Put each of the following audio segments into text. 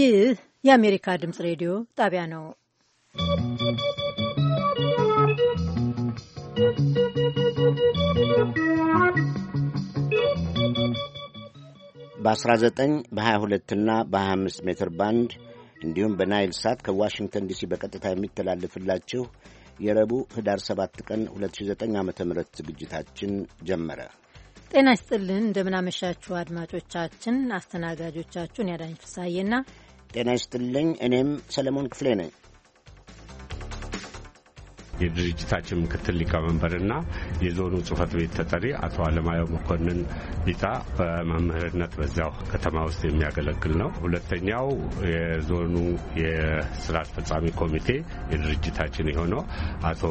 ይህ የአሜሪካ ድምፅ ሬዲዮ ጣቢያ ነው። በ19 በ22 እና በ25 ሜትር ባንድ እንዲሁም በናይል ሳት ከዋሽንግተን ዲሲ በቀጥታ የሚተላለፍላችሁ የረቡዕ ህዳር 7 ቀን 2009 ም ዝግጅታችን ጀመረ። ጤና ይስጥልን እንደምናመሻችሁ አድማጮቻችን። አስተናጋጆቻችሁን ያዳኝ ፍሳዬና ጤና ይስጥልኝ እኔም ሰለሞን ክፍሌ ነኝ። የድርጅታችን ምክትል ሊቀመንበርና የዞኑ ጽህፈት ቤት ተጠሪ አቶ አለማየሁ መኮንን ቢታ በመምህርነት በዚያው ከተማ ውስጥ የሚያገለግል ነው። ሁለተኛው የዞኑ የስራ አስፈጻሚ ኮሚቴ የድርጅታችን የሆነው አቶ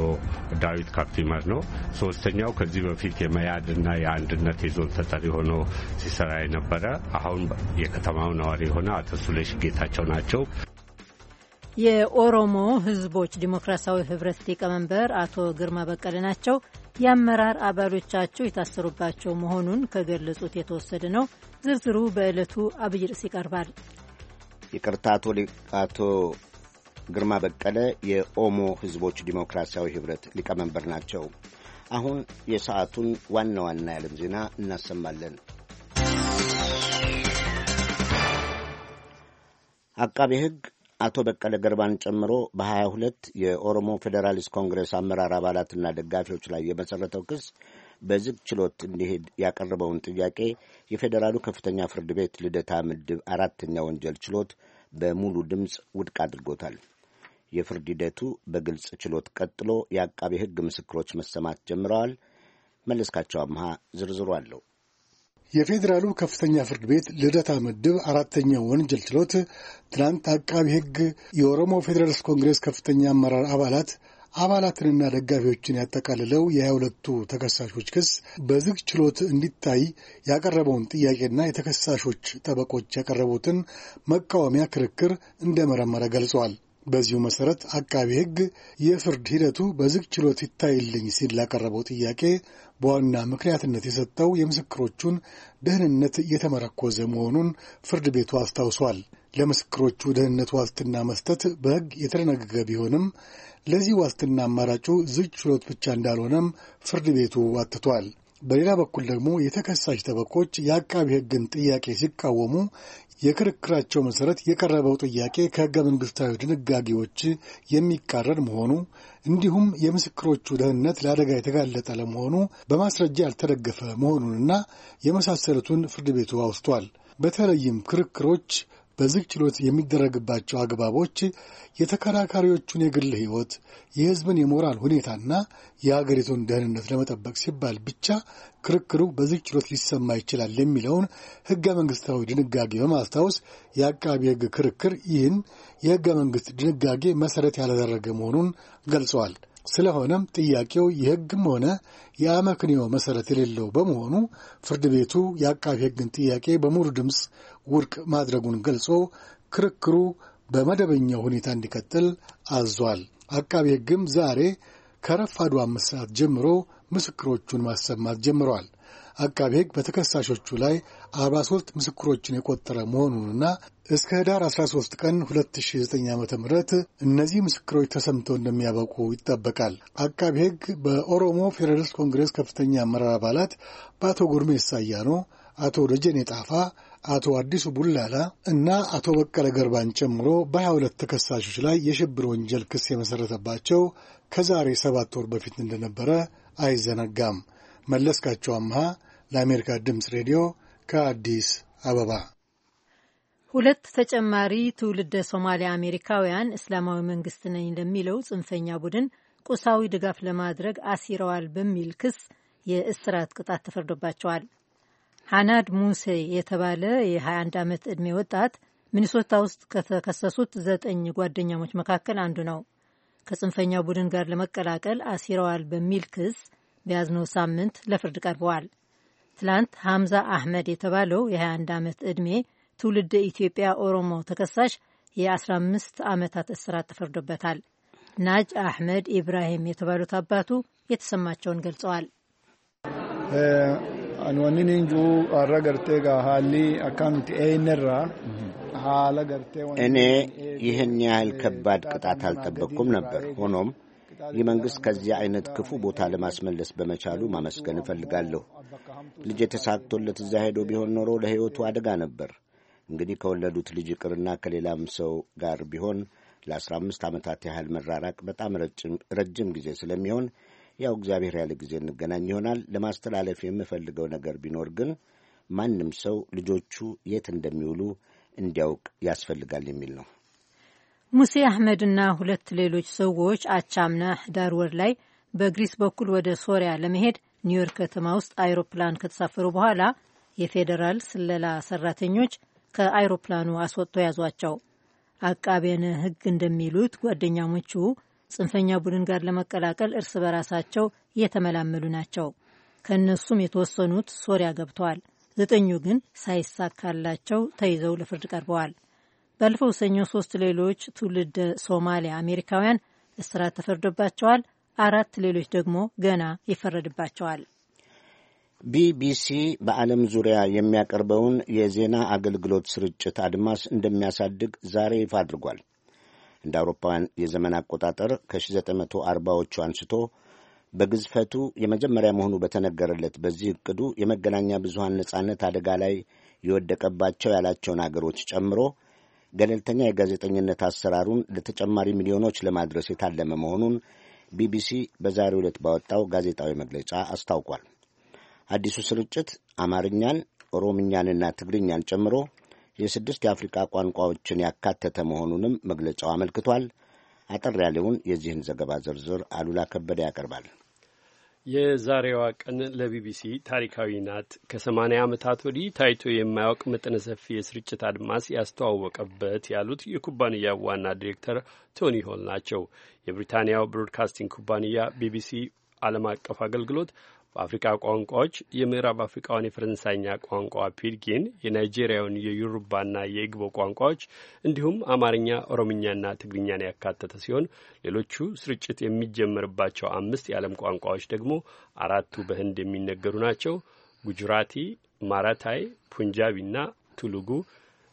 ዳዊት ካፕቲመር ነው። ሶስተኛው ከዚህ በፊት የመያድና የአንድነት የዞን ተጠሪ ሆኖ ሲሰራ የነበረ አሁን የከተማው ነዋሪ የሆነ አቶ ሱሌሽ ጌታቸው ናቸው። የኦሮሞ ህዝቦች ዲሞክራሲያዊ ህብረት ሊቀመንበር አቶ ግርማ በቀለ ናቸው። የአመራር አባሎቻቸው የታሰሩባቸው መሆኑን ከገለጹት የተወሰደ ነው። ዝርዝሩ በዕለቱ አብይ ርዕስ ይቀርባል። ይቅርታ አቶ ግርማ በቀለ የኦሞ ህዝቦች ዲሞክራሲያዊ ህብረት ሊቀመንበር ናቸው። አሁን የሰዓቱን ዋና ዋና የዓለም ዜና እናሰማለን። አቃቤ ህግ። አቶ በቀለ ገርባን ጨምሮ በሀያ ሁለት የኦሮሞ ፌዴራሊስት ኮንግረስ አመራር አባላትና ደጋፊዎች ላይ የመሠረተው ክስ በዝግ ችሎት እንዲሄድ ያቀረበውን ጥያቄ የፌዴራሉ ከፍተኛ ፍርድ ቤት ልደታ ምድብ አራተኛ ወንጀል ችሎት በሙሉ ድምፅ ውድቅ አድርጎታል። የፍርድ ሂደቱ በግልጽ ችሎት ቀጥሎ የአቃቤ ሕግ ምስክሮች መሰማት ጀምረዋል። መለስካቸው አምሃ ዝርዝሩ አለው። የፌዴራሉ ከፍተኛ ፍርድ ቤት ልደታ ምድብ አራተኛው ወንጀል ችሎት ትናንት አቃቢ ሕግ የኦሮሞ ፌዴራልስ ኮንግሬስ ከፍተኛ አመራር አባላት አባላትንና ደጋፊዎችን ያጠቃልለው 2 ሁለቱ ተከሳሾች ክስ በዝግ ችሎት እንዲታይ ያቀረበውን ጥያቄና የተከሳሾች ጠበቆች ያቀረቡትን መቃወሚያ ክርክር እንደመረመረ ገልጿል። በዚሁ መሰረት አቃቤ ሕግ የፍርድ ሂደቱ በዝግ ችሎት ይታይልኝ ሲል ላቀረበው ጥያቄ በዋና ምክንያትነት የሰጠው የምስክሮቹን ደህንነት እየተመረኮዘ መሆኑን ፍርድ ቤቱ አስታውሷል። ለምስክሮቹ ደህንነት ዋስትና መስጠት በሕግ የተደነገገ ቢሆንም ለዚህ ዋስትና አማራጩ ዝግ ችሎት ብቻ እንዳልሆነም ፍርድ ቤቱ አትቷል። በሌላ በኩል ደግሞ የተከሳሽ ጠበቆች የአቃቢ ሕግን ጥያቄ ሲቃወሙ የክርክራቸው መሠረት የቀረበው ጥያቄ ከሕገ መንግሥታዊ ድንጋጌዎች የሚቃረን መሆኑ እንዲሁም የምስክሮቹ ደህንነት ለአደጋ የተጋለጠ ለመሆኑ በማስረጃ ያልተደገፈ መሆኑንና የመሳሰሉትን ፍርድ ቤቱ አውስቷል። በተለይም ክርክሮች በዝግ ችሎት የሚደረግባቸው አግባቦች የተከራካሪዎቹን የግል ሕይወት፣ የሕዝብን የሞራል ሁኔታና የሀገሪቱን ደህንነት ለመጠበቅ ሲባል ብቻ ክርክሩ በዝግ ችሎት ሊሰማ ይችላል የሚለውን ሕገ መንግሥታዊ ድንጋጌ በማስታወስ የአቃቢ ሕግ ክርክር ይህን የሕገ መንግሥት ድንጋጌ መሠረት ያላደረገ መሆኑን ገልጸዋል። ስለሆነም ጥያቄው የሕግም ሆነ የአመክንዮ መሠረት የሌለው በመሆኑ ፍርድ ቤቱ የአቃቢ ሕግን ጥያቄ በሙሉ ድምፅ ውድቅ ማድረጉን ገልጾ ክርክሩ በመደበኛው ሁኔታ እንዲቀጥል አዟል። አቃቢ ሕግም ዛሬ ከረፋዱ አምስት ሰዓት ጀምሮ ምስክሮቹን ማሰማት ጀምረዋል። አቃቢ ሕግ በተከሳሾቹ ላይ 43 ምስክሮችን የቆጠረ መሆኑንና እስከ ኅዳር 13 ቀን 2009 ዓ ም እነዚህ ምስክሮች ተሰምተው እንደሚያበቁ ይጠበቃል። አቃቢ ሕግ በኦሮሞ ፌዴራሊስት ኮንግሬስ ከፍተኛ አመራር አባላት በአቶ ጉርሜ ሳያኖ፣ አቶ ደጀኔ ጣፋ አቶ አዲሱ ቡላላ እና አቶ በቀለ ገርባን ጨምሮ በሀያ ሁለት ተከሳሾች ላይ የሽብር ወንጀል ክስ የመሰረተባቸው ከዛሬ ሰባት ወር በፊት እንደነበረ አይዘነጋም። መለስካቸው አምሃ ለአሜሪካ ድምፅ ሬዲዮ ከአዲስ አበባ ሁለት ተጨማሪ ትውልደ ሶማሊያ አሜሪካውያን እስላማዊ መንግስት ነኝ ለሚለው ጽንፈኛ ቡድን ቁሳዊ ድጋፍ ለማድረግ አሲረዋል በሚል ክስ የእስራት ቅጣት ተፈርዶባቸዋል። ሃናድ ሙሴ የተባለ የ21 ዓመት ዕድሜ ወጣት ሚኒሶታ ውስጥ ከተከሰሱት ዘጠኝ ጓደኛሞች መካከል አንዱ ነው። ከጽንፈኛው ቡድን ጋር ለመቀላቀል አሲረዋል በሚል ክስ በያዝነው ሳምንት ለፍርድ ቀርበዋል። ትላንት ሐምዛ አህመድ የተባለው የ21 ዓመት ዕድሜ ትውልድ ኢትዮጵያ ኦሮሞ ተከሳሽ የ15 ዓመታት እስራት ተፈርዶበታል። ናጅ አህመድ ኢብራሂም የተባሉት አባቱ የተሰማቸውን ገልጸዋል። እኔ ይህን ያህል ከባድ ቅጣት አልጠበቅኩም ነበር። ሆኖም ይህ መንግሥት ከዚህ ዐይነት ክፉ ቦታ ለማስመለስ በመቻሉ ማመስገን እፈልጋለሁ። ልጅ የተሳክቶለት እዚያ ሄዶ ቢሆን ኖሮ ለሕይወቱ አደጋ ነበር። እንግዲህ ከወለዱት ልጅ ይቅርና ከሌላም ሰው ጋር ቢሆን ለአስራ አምስት ዓመታት ያህል መራራቅ በጣም ረጅም ጊዜ ስለሚሆን ያው እግዚአብሔር ያለ ጊዜ እንገናኝ ይሆናል። ለማስተላለፍ የምፈልገው ነገር ቢኖር ግን ማንም ሰው ልጆቹ የት እንደሚውሉ እንዲያውቅ ያስፈልጋል የሚል ነው። ሙሴ አህመድና ሁለት ሌሎች ሰዎች አቻምና ህዳር ወር ላይ በግሪስ በኩል ወደ ሶሪያ ለመሄድ ኒውዮርክ ከተማ ውስጥ አይሮፕላን ከተሳፈሩ በኋላ የፌዴራል ስለላ ሰራተኞች ከአይሮፕላኑ አስወጥቶ ያዟቸው። አቃቤን ህግ እንደሚሉት ጓደኛሞቹ ጽንፈኛ ቡድን ጋር ለመቀላቀል እርስ በራሳቸው እየተመላመሉ ናቸው። ከእነሱም የተወሰኑት ሶሪያ ገብተዋል። ዘጠኙ ግን ሳይሳካላቸው ተይዘው ለፍርድ ቀርበዋል። ባለፈው ሰኞ ሶስት ሌሎች ትውልድ ሶማሊያ አሜሪካውያን እስራት ተፈርዶባቸዋል። አራት ሌሎች ደግሞ ገና ይፈረድባቸዋል። ቢቢሲ በዓለም ዙሪያ የሚያቀርበውን የዜና አገልግሎት ስርጭት አድማስ እንደሚያሳድግ ዛሬ ይፋ አድርጓል። እንደ አውሮፓውያን የዘመን አቆጣጠር ከ1940ዎቹ አንስቶ በግዝፈቱ የመጀመሪያ መሆኑ በተነገረለት በዚህ እቅዱ የመገናኛ ብዙሀን ነጻነት አደጋ ላይ የወደቀባቸው ያላቸውን አገሮች ጨምሮ ገለልተኛ የጋዜጠኝነት አሰራሩን ለተጨማሪ ሚሊዮኖች ለማድረስ የታለመ መሆኑን ቢቢሲ በዛሬው ዕለት ባወጣው ጋዜጣዊ መግለጫ አስታውቋል። አዲሱ ስርጭት አማርኛን፣ ኦሮምኛንና ትግርኛን ጨምሮ የስድስት የአፍሪቃ ቋንቋዎችን ያካተተ መሆኑንም መግለጫው አመልክቷል። አጠር ያለውን የዚህን ዘገባ ዝርዝር አሉላ ከበደ ያቀርባል። የዛሬዋ ቀን ለቢቢሲ ታሪካዊ ናት። ከሰማኒያ ዓመታት ወዲህ ታይቶ የማያውቅ መጠነ ሰፊ የስርጭት አድማስ ያስተዋወቀበት ያሉት የኩባንያ ዋና ዲሬክተር ቶኒ ሆል ናቸው። የብሪታንያው ብሮድካስቲንግ ኩባንያ ቢቢሲ ዓለም አቀፍ አገልግሎት በአፍሪካ ቋንቋዎች የምዕራብ አፍሪካውን የፈረንሳይኛ ቋንቋ ፒድጌን፣ የናይጄሪያውን የዩሩባና የኢግቦ ቋንቋዎች እንዲሁም አማርኛ፣ ኦሮምኛና ትግርኛን ያካተተ ሲሆን ሌሎቹ ስርጭት የሚጀመርባቸው አምስት የዓለም ቋንቋዎች ደግሞ አራቱ በህንድ የሚነገሩ ናቸው። ጉጅራቲ፣ ማራታይ፣ ፑንጃቢና ቱሉጉ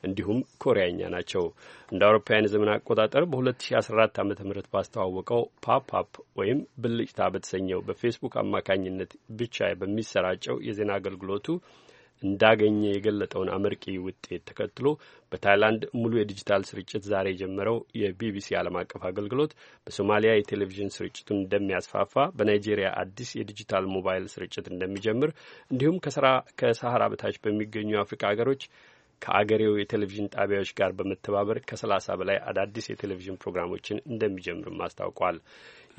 እንዲሁም ኮሪያኛ ናቸው። እንደ አውሮፓውያን ዘመን አቆጣጠር በ2014 ዓ ም ባስተዋወቀው ፓፕአፕ ወይም ብልጭታ በተሰኘው በፌስቡክ አማካኝነት ብቻ በሚሰራጨው የዜና አገልግሎቱ እንዳገኘ የገለጠውን አመርቂ ውጤት ተከትሎ በታይላንድ ሙሉ የዲጂታል ስርጭት ዛሬ የጀመረው የቢቢሲ ዓለም አቀፍ አገልግሎት በሶማሊያ የቴሌቪዥን ስርጭቱን እንደሚያስፋፋ፣ በናይጄሪያ አዲስ የዲጂታል ሞባይል ስርጭት እንደሚጀምር እንዲሁም ከሰሃራ በታች በሚገኙ አፍሪካ ሀገሮች ከአገሬው የቴሌቪዥን ጣቢያዎች ጋር በመተባበር ከሰላሳ በላይ አዳዲስ የቴሌቪዥን ፕሮግራሞችን እንደሚጀምርም አስታውቋል።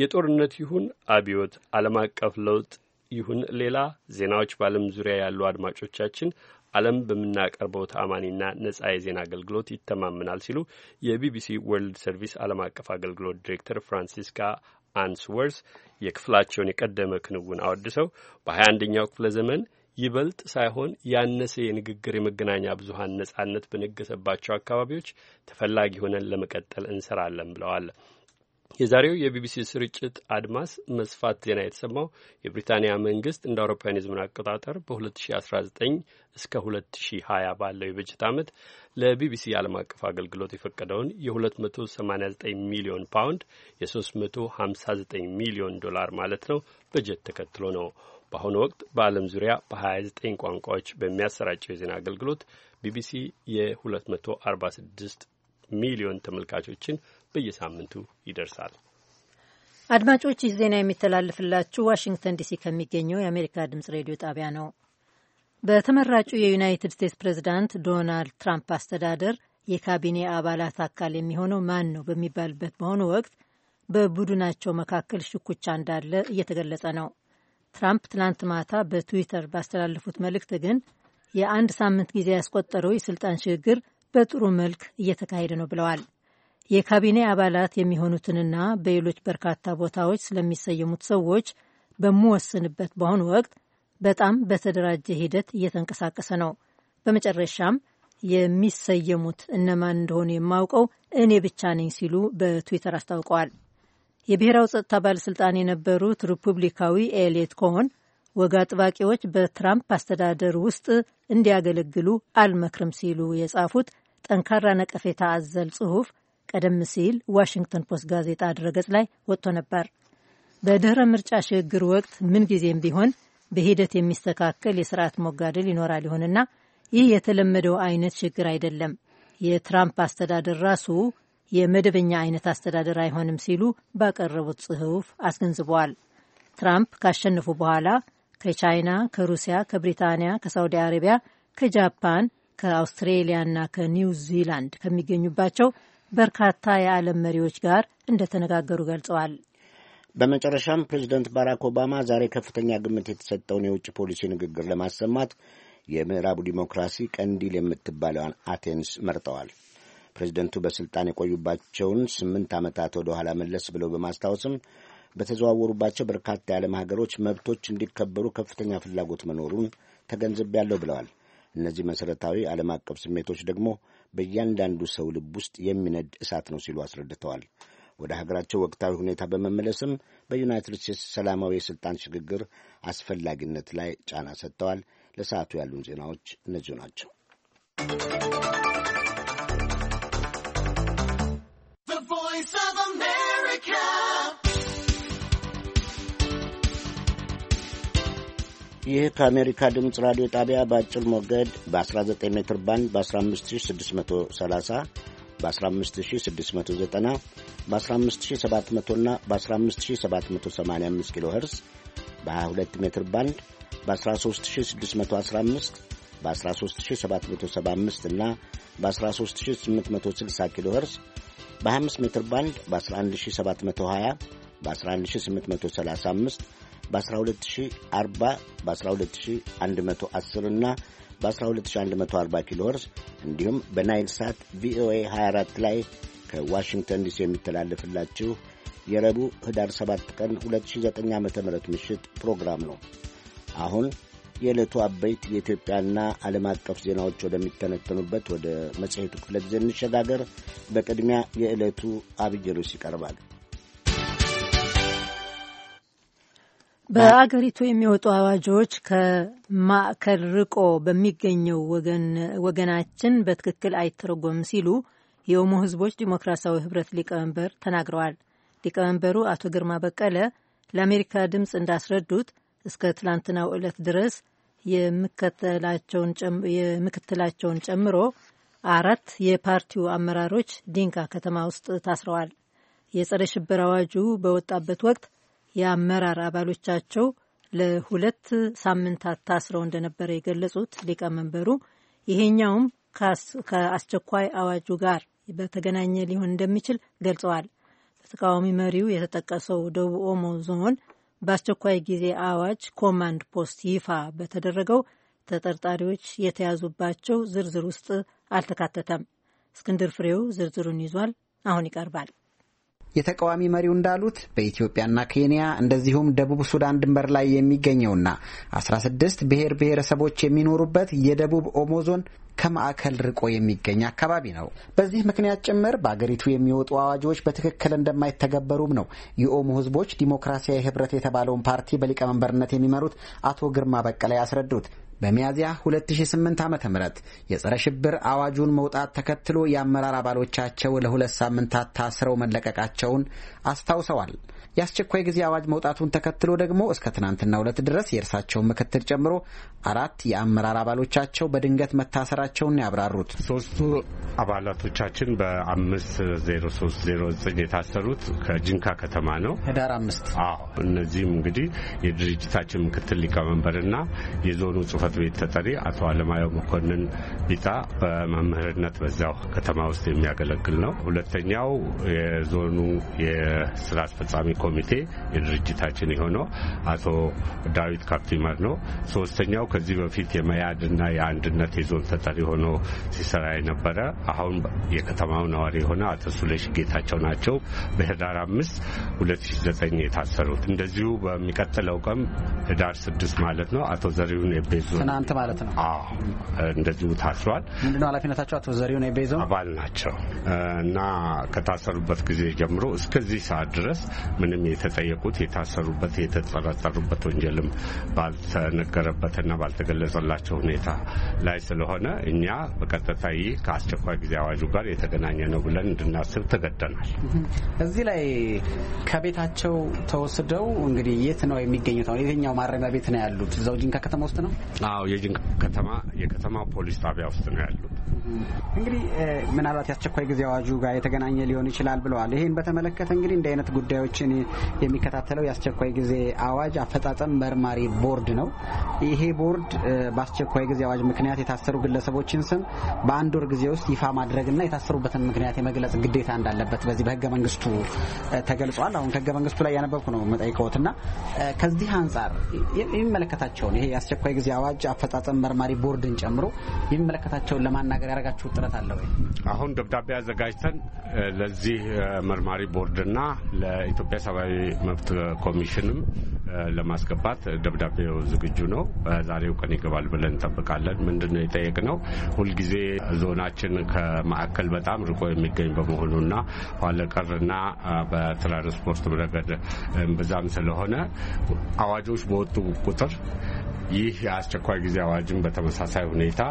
የጦርነት ይሁን አብዮት፣ ዓለም አቀፍ ለውጥ ይሁን ሌላ ዜናዎች በዓለም ዙሪያ ያሉ አድማጮቻችን ዓለም በምናቀርበው ተአማኒና ነጻ የዜና አገልግሎት ይተማመናል ሲሉ የቢቢሲ ወርልድ ሰርቪስ ዓለም አቀፍ አገልግሎት ዲሬክተር ፍራንሲስካ አንስወርስ የክፍላቸውን የቀደመ ክንውን አወድሰው በ21ኛው ክፍለ ዘመን ይበልጥ ሳይሆን ያነሰ የንግግር የመገናኛ ብዙሀን ነጻነት በነገሰባቸው አካባቢዎች ተፈላጊ ሆነን ለመቀጠል እንሰራለን ብለዋል። የዛሬው የቢቢሲ ስርጭት አድማስ መስፋት ዜና የተሰማው የብሪታንያ መንግስት እንደ አውሮፓውያን የዘመን አቆጣጠር በ2019 እስከ 2020 ባለው የበጀት ዓመት ለቢቢሲ ዓለም አቀፍ አገልግሎት የፈቀደውን የ289 ሚሊዮን ፓውንድ የ359 ሚሊዮን ዶላር ማለት ነው በጀት ተከትሎ ነው። በአሁኑ ወቅት በዓለም ዙሪያ በ29 ቋንቋዎች በሚያሰራጨው የዜና አገልግሎት ቢቢሲ የ246 ሚሊዮን ተመልካቾችን በየሳምንቱ ይደርሳል። አድማጮች፣ ይህ ዜና የሚተላለፍላችሁ ዋሽንግተን ዲሲ ከሚገኘው የአሜሪካ ድምጽ ሬዲዮ ጣቢያ ነው። በተመራጩ የዩናይትድ ስቴትስ ፕሬዚዳንት ዶናልድ ትራምፕ አስተዳደር የካቢኔ አባላት አካል የሚሆነው ማን ነው በሚባልበት በአሁኑ ወቅት በቡድናቸው መካከል ሽኩቻ እንዳለ እየተገለጸ ነው። ትራምፕ ትናንት ማታ በትዊተር ባስተላለፉት መልእክት ግን የአንድ ሳምንት ጊዜ ያስቆጠረው የስልጣን ሽግግር በጥሩ መልክ እየተካሄደ ነው ብለዋል። የካቢኔ አባላት የሚሆኑትንና በሌሎች በርካታ ቦታዎች ስለሚሰየሙት ሰዎች በምወስንበት በአሁኑ ወቅት በጣም በተደራጀ ሂደት እየተንቀሳቀሰ ነው። በመጨረሻም የሚሰየሙት እነማን እንደሆኑ የማውቀው እኔ ብቻ ነኝ ሲሉ በትዊተር አስታውቀዋል። የብሔራዊ ጸጥታ ባለሥልጣን የነበሩት ሪፑብሊካዊ ኤሌት ኮሆን ወግ አጥባቂዎች በትራምፕ አስተዳደር ውስጥ እንዲያገለግሉ አልመክርም ሲሉ የጻፉት ጠንካራ ነቀፌታ አዘል ጽሑፍ ቀደም ሲል ዋሽንግተን ፖስት ጋዜጣ ድረገጽ ላይ ወጥቶ ነበር። በድኅረ ምርጫ ሽግግር ወቅት ምንጊዜም ቢሆን በሂደት የሚስተካከል የስርዓት መጋደል ይኖራል። ይሆንና ይህ የተለመደው አይነት ሽግግር አይደለም። የትራምፕ አስተዳደር ራሱ የመደበኛ አይነት አስተዳደር አይሆንም ሲሉ ባቀረቡት ጽሑፍ አስገንዝበዋል። ትራምፕ ካሸነፉ በኋላ ከቻይና፣ ከሩሲያ፣ ከብሪታንያ፣ ከሳውዲ አረቢያ፣ ከጃፓን፣ ከአውስትሬሊያና ከኒው ዚላንድ ከሚገኙባቸው በርካታ የዓለም መሪዎች ጋር እንደተነጋገሩ ገልጸዋል። በመጨረሻም ፕሬዚደንት ባራክ ኦባማ ዛሬ ከፍተኛ ግምት የተሰጠውን የውጭ ፖሊሲ ንግግር ለማሰማት የምዕራቡ ዲሞክራሲ ቀንዲል የምትባለዋን አቴንስ መርጠዋል። ፕሬዚደንቱ በስልጣን የቆዩባቸውን ስምንት ዓመታት ወደ ኋላ መለስ ብለው በማስታወስም በተዘዋወሩባቸው በርካታ የዓለም ሀገሮች መብቶች እንዲከበሩ ከፍተኛ ፍላጎት መኖሩን ተገንዝቤያለሁ ብለዋል። እነዚህ መሠረታዊ ዓለም አቀፍ ስሜቶች ደግሞ በእያንዳንዱ ሰው ልብ ውስጥ የሚነድ እሳት ነው ሲሉ አስረድተዋል። ወደ ሀገራቸው ወቅታዊ ሁኔታ በመመለስም በዩናይትድ ስቴትስ ሰላማዊ የሥልጣን ሽግግር አስፈላጊነት ላይ ጫና ሰጥተዋል። ለሰዓቱ ያሉን ዜናዎች እነዚሁ ናቸው። ይህ ከአሜሪካ ድምፅ ራዲዮ ጣቢያ በአጭር ሞገድ በ19 ሜትር ባንድ በ15630 በ15690 በ15700 እና በ15785 ኪሎ ኸርስ በ22 ሜትር ባንድ በ13615 በ13775 እና በ13860 ኪሎ ኸርስ በ25 ሜትር ባንድ በ11720 በ11835 በ12040 በ12110 እና በ12140 ኪሎ ሄርዝ እንዲሁም በናይል ሳት ቪኦኤ 24 ላይ ከዋሽንግተን ዲሲ የሚተላለፍላችሁ የረቡዕ ህዳር 7 ቀን 2009 ዓ ም ምሽት ፕሮግራም ነው። አሁን የዕለቱ አበይት የኢትዮጵያና ዓለም አቀፍ ዜናዎች ወደሚተነተኑበት ወደ መጽሔቱ ክፍለ ጊዜ እንሸጋገር። በቅድሚያ የዕለቱ አብይ ርዕስ ይቀርባል። በአገሪቱ የሚወጡ አዋጆች ከማዕከል ርቆ በሚገኘው ወገናችን በትክክል አይተረጎም ሲሉ የኦሞ ሕዝቦች ዲሞክራሲያዊ ህብረት ሊቀመንበር ተናግረዋል። ሊቀመንበሩ አቶ ግርማ በቀለ ለአሜሪካ ድምፅ እንዳስረዱት እስከ ትላንትናው ዕለት ድረስ የምክትላቸውን ጨምሮ አራት የፓርቲው አመራሮች ዲንካ ከተማ ውስጥ ታስረዋል። የጸረ ሽብር አዋጁ በወጣበት ወቅት የአመራር አባሎቻቸው ለሁለት ሳምንታት ታስረው እንደነበረ የገለጹት ሊቀመንበሩ ይሄኛውም ከአስቸኳይ አዋጁ ጋር በተገናኘ ሊሆን እንደሚችል ገልጸዋል። በተቃዋሚ መሪው የተጠቀሰው ደቡብ ኦሞ ዞን በአስቸኳይ ጊዜ አዋጅ ኮማንድ ፖስት ይፋ በተደረገው ተጠርጣሪዎች የተያዙባቸው ዝርዝር ውስጥ አልተካተተም። እስክንድር ፍሬው ዝርዝሩን ይዟል፣ አሁን ይቀርባል። የተቃዋሚ መሪው እንዳሉት በኢትዮጵያና ኬንያ እንደዚሁም ደቡብ ሱዳን ድንበር ላይ የሚገኘውና 16 ብሔር ብሔረሰቦች የሚኖሩበት የደቡብ ኦሞ ዞን ከማዕከል ርቆ የሚገኝ አካባቢ ነው። በዚህ ምክንያት ጭምር በአገሪቱ የሚወጡ አዋጆች በትክክል እንደማይተገበሩም ነው የኦሞ ሕዝቦች ዲሞክራሲያዊ ህብረት የተባለውን ፓርቲ በሊቀመንበርነት የሚመሩት አቶ ግርማ በቀለ ያስረዱት። በሚያዝያ 2008 ዓ.ም የጸረ ሽብር አዋጁን መውጣት ተከትሎ የአመራር አባሎቻቸው ለሁለት ሳምንታት ታስረው መለቀቃቸውን አስታውሰዋል። የአስቸኳይ ጊዜ አዋጅ መውጣቱን ተከትሎ ደግሞ እስከ ትናንትና ሁለት ድረስ የእርሳቸውን ምክትል ጨምሮ አራት የአመራር አባሎቻቸው በድንገት መታሰራቸውን ያብራሩት ሶስቱ አባላቶቻችን በአምስት ዜሮ ሶስት ዜሮ ዘጠኝ የታሰሩት ከጅንካ ከተማ ነው ህዳር አምስት አዎ እነዚህም እንግዲህ የድርጅታችን ምክትል ሊቀመንበርና የዞኑ ጽህፈት ቤት ተጠሪ አቶ አለማየሁ መኮንን ቢጣ በመምህርነት በዚያው ከተማ ውስጥ የሚያገለግል ነው ሁለተኛው የዞኑ የስራ አስፈጻሚ ኮሚቴ የድርጅታችን የሆነው አቶ ዳዊት ካፕቲመር ነው። ሶስተኛው ከዚህ በፊት የመያድና የአንድነት የዞን ተጠሪ ሆኖ ሲሰራ የነበረ አሁን የከተማው ነዋሪ የሆነ አቶ ሱሌሽ ጌታቸው ናቸው። በህዳር አምስት ሁለት ሺ ዘጠኝ የታሰሩት እንደዚሁ በሚቀጥለው ቀን ህዳር ስድስት ማለት ነው አቶ ዘሪሁን የቤዞ ትናንት ማለት ነው እንደዚሁ ታስሯል። ምንድነው ኃላፊነታቸው? አቶ ዘሪሁን የቤዞ አባል ናቸው እና ከታሰሩበት ጊዜ ጀምሮ እስከዚህ ሰዓት ድረስ ምንም የተጠየቁት የታሰሩበት የተጠረጠሩበት ወንጀልም ባልተነገረበትና ባልተገለጸላቸው ሁኔታ ላይ ስለሆነ እኛ በቀጥታ ይህ ከአስቸኳይ ጊዜ አዋጁ ጋር የተገናኘ ነው ብለን እንድናስብ ተገደናል። እዚህ ላይ ከቤታቸው ተወስደው እንግዲህ የት ነው የሚገኙት? አሁን የትኛው ማረሚያ ቤት ነው ያሉት? እዛው ጅንካ ከተማ ውስጥ ነው? አዎ የጅንካ ከተማ የከተማ ፖሊስ ጣቢያ ውስጥ ነው ያሉት። እንግዲህ ምናልባት የአስቸኳይ ጊዜ አዋጁ ጋር የተገናኘ ሊሆን ይችላል ብለዋል። ይህን በተመለከተ እንግዲህ እንዲህ አይነት ጉዳዮችን የሚከታተለው የአስቸኳይ ጊዜ አዋጅ አፈጻጸም መርማሪ ቦርድ ነው። ይሄ ቦርድ በአስቸኳይ ጊዜ አዋጅ ምክንያት የታሰሩ ግለሰቦችን ስም በአንድ ወር ጊዜ ውስጥ ይፋ ማድረግና የታሰሩበትን ምክንያት የመግለጽ ግዴታ እንዳለበት በዚህ በህገ መንግስቱ ተገልጿል። አሁን ከህገ መንግስቱ ላይ ያነበብኩ ነው መጠይቀውት እና ከዚህ አንጻር የሚመለከታቸውን ይሄ የአስቸኳይ ጊዜ አዋጅ አፈጻጸም መርማሪ ቦርድን ጨምሮ የሚመለከታቸውን ለማናገር ያደረጋችሁ ጥረት አለ ወይ? አሁን ደብዳቤ አዘጋጅተን ለዚህ መርማሪ ቦርድና ለኢትዮጵያ ሰብአዊ መብት ኮሚሽንም ለማስገባት ደብዳቤው ዝግጁ ነው። በዛሬው ቀን ይገባል ብለን እንጠብቃለን። ምንድን ነው የጠየቅነው? ሁልጊዜ ዞናችን ከማዕከል በጣም ርቆ የሚገኝ በመሆኑና ኋላ በትራንስፖርት ረገድ ብዛም ስለሆነ አዋጆች በወጡ ቁጥር ይህ የአስቸኳይ ጊዜ አዋጅን በተመሳሳይ ሁኔታ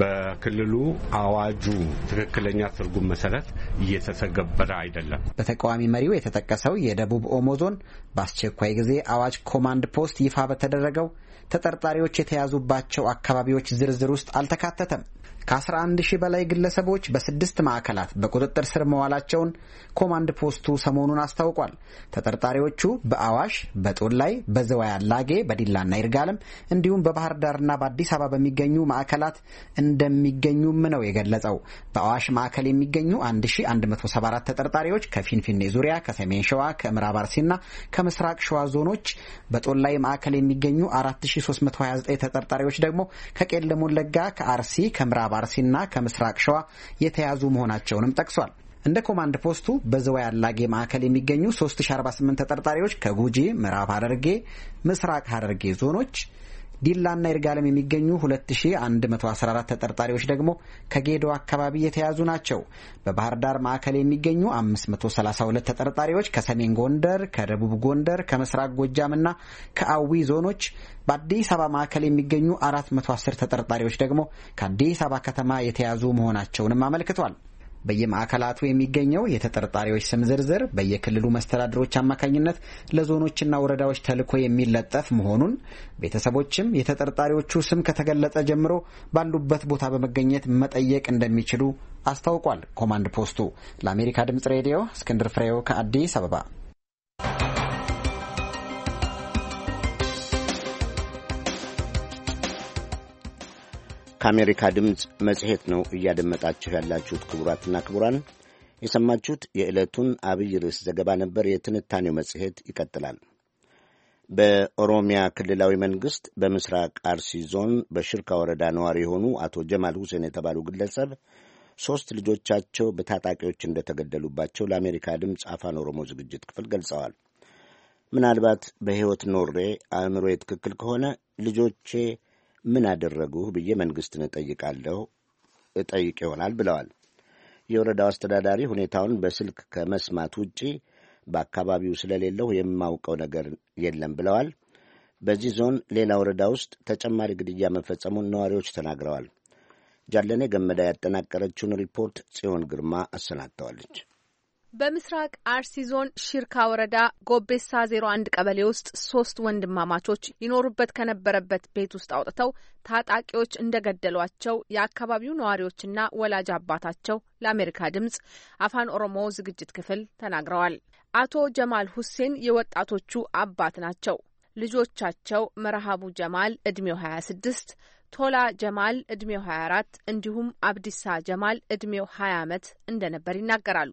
በክልሉ አዋጁ ትክክለኛ ትርጉም መሰረት እየተተገበረ አይደለም። በተቃዋሚ መሪው የተጠቀሰው የደቡብ ኦሞ ዞን በአስቸኳይ ጊዜ አዋጅ ኮማንድ ፖስት ይፋ በተደረገው ተጠርጣሪዎች የተያዙባቸው አካባቢዎች ዝርዝር ውስጥ አልተካተተም። ከ11 ሺህ በላይ ግለሰቦች በስድስት ማዕከላት በቁጥጥር ስር መዋላቸውን ኮማንድ ፖስቱ ሰሞኑን አስታውቋል። ተጠርጣሪዎቹ በአዋሽ፣ በጦላይ፣ በዘዋይ አላጌ፣ በዲላና ይርጋለም እንዲሁም በባህር ዳርና በአዲስ አበባ በሚገኙ ማዕከላት እንደሚገኙም ነው የገለጸው። በአዋሽ ማዕከል የሚገኙ 1174 ተጠርጣሪዎች ከፊንፊኔ ዙሪያ፣ ከሰሜን ሸዋ፣ ከምዕራብ አርሲና ከምስራቅ ሸዋ ዞኖች፣ በጦላይ ማዕከል የሚገኙ 4329 ተጠርጣሪዎች ደግሞ ከቄለም ወለጋ፣ ከአርሲ፣ ከምዕራብ ከምዕራብ አርሲና ከምስራቅ ሸዋ የተያዙ መሆናቸውንም ጠቅሷል። እንደ ኮማንድ ፖስቱ በዝዋይ አላጌ ማዕከል የሚገኙ 3048 ተጠርጣሪዎች ከጉጂ፣ ምዕራብ ሐረርጌ፣ ምስራቅ ሐረርጌ ዞኖች ዲላና ይርጋለም የሚገኙ 2114 ተጠርጣሪዎች ደግሞ ከጌዶ አካባቢ የተያዙ ናቸው። በባህር ዳር ማዕከል የሚገኙ 532 ተጠርጣሪዎች ከሰሜን ጎንደር፣ ከደቡብ ጎንደር፣ ከምስራቅ ጎጃምና ከአዊ ዞኖች በአዲስ አበባ ማዕከል የሚገኙ 410 ተጠርጣሪዎች ደግሞ ከአዲስ አበባ ከተማ የተያዙ መሆናቸውንም አመልክቷል። በየማዕከላቱ የሚገኘው የተጠርጣሪዎች ስም ዝርዝር በየክልሉ መስተዳድሮች አማካኝነት ለዞኖችና ወረዳዎች ተልኮ የሚለጠፍ መሆኑን ቤተሰቦችም የተጠርጣሪዎቹ ስም ከተገለጸ ጀምሮ ባሉበት ቦታ በመገኘት መጠየቅ እንደሚችሉ አስታውቋል። ኮማንድ ፖስቱ ለአሜሪካ ድምጽ ሬዲዮ እስክንድር ፍሬው ከአዲስ አበባ ከአሜሪካ ድምፅ መጽሔት ነው እያደመጣችሁ ያላችሁት። ክቡራትና ክቡራን የሰማችሁት የዕለቱን አብይ ርዕስ ዘገባ ነበር። የትንታኔው መጽሔት ይቀጥላል። በኦሮሚያ ክልላዊ መንግሥት በምስራቅ አርሲ ዞን በሽርካ ወረዳ ነዋሪ የሆኑ አቶ ጀማል ሁሴን የተባሉ ግለሰብ ሦስት ልጆቻቸው በታጣቂዎች እንደተገደሉባቸው ለአሜሪካ ድምፅ አፋን ኦሮሞ ዝግጅት ክፍል ገልጸዋል። ምናልባት በሕይወት ኖሬ አእምሮ ትክክል ከሆነ ልጆቼ ምን አደረጉህ ብዬ መንግሥትን እጠይቃለሁ እጠይቅ ይሆናል ብለዋል። የወረዳው አስተዳዳሪ ሁኔታውን በስልክ ከመስማት ውጪ በአካባቢው ስለሌለው የማውቀው ነገር የለም ብለዋል። በዚህ ዞን ሌላ ወረዳ ውስጥ ተጨማሪ ግድያ መፈጸሙን ነዋሪዎች ተናግረዋል። ጃለኔ ገመዳ ያጠናቀረችውን ሪፖርት ጽዮን ግርማ አሰናድተዋለች። በምስራቅ አርሲ ዞን ሺርካ ወረዳ ጎቤሳ ዜሮ አንድ ቀበሌ ውስጥ ሶስት ወንድማማቾች ይኖሩበት ከነበረበት ቤት ውስጥ አውጥተው ታጣቂዎች እንደገደሏቸው የአካባቢው ነዋሪዎችና ወላጅ አባታቸው ለአሜሪካ ድምጽ አፋን ኦሮሞ ዝግጅት ክፍል ተናግረዋል። አቶ ጀማል ሁሴን የወጣቶቹ አባት ናቸው። ልጆቻቸው መርሃቡ ጀማል እድሜው 26 ቶላ ጀማል እድሜው 24 እንዲሁም አብዲሳ ጀማል እድሜው 20 ዓመት እንደነበር ይናገራሉ።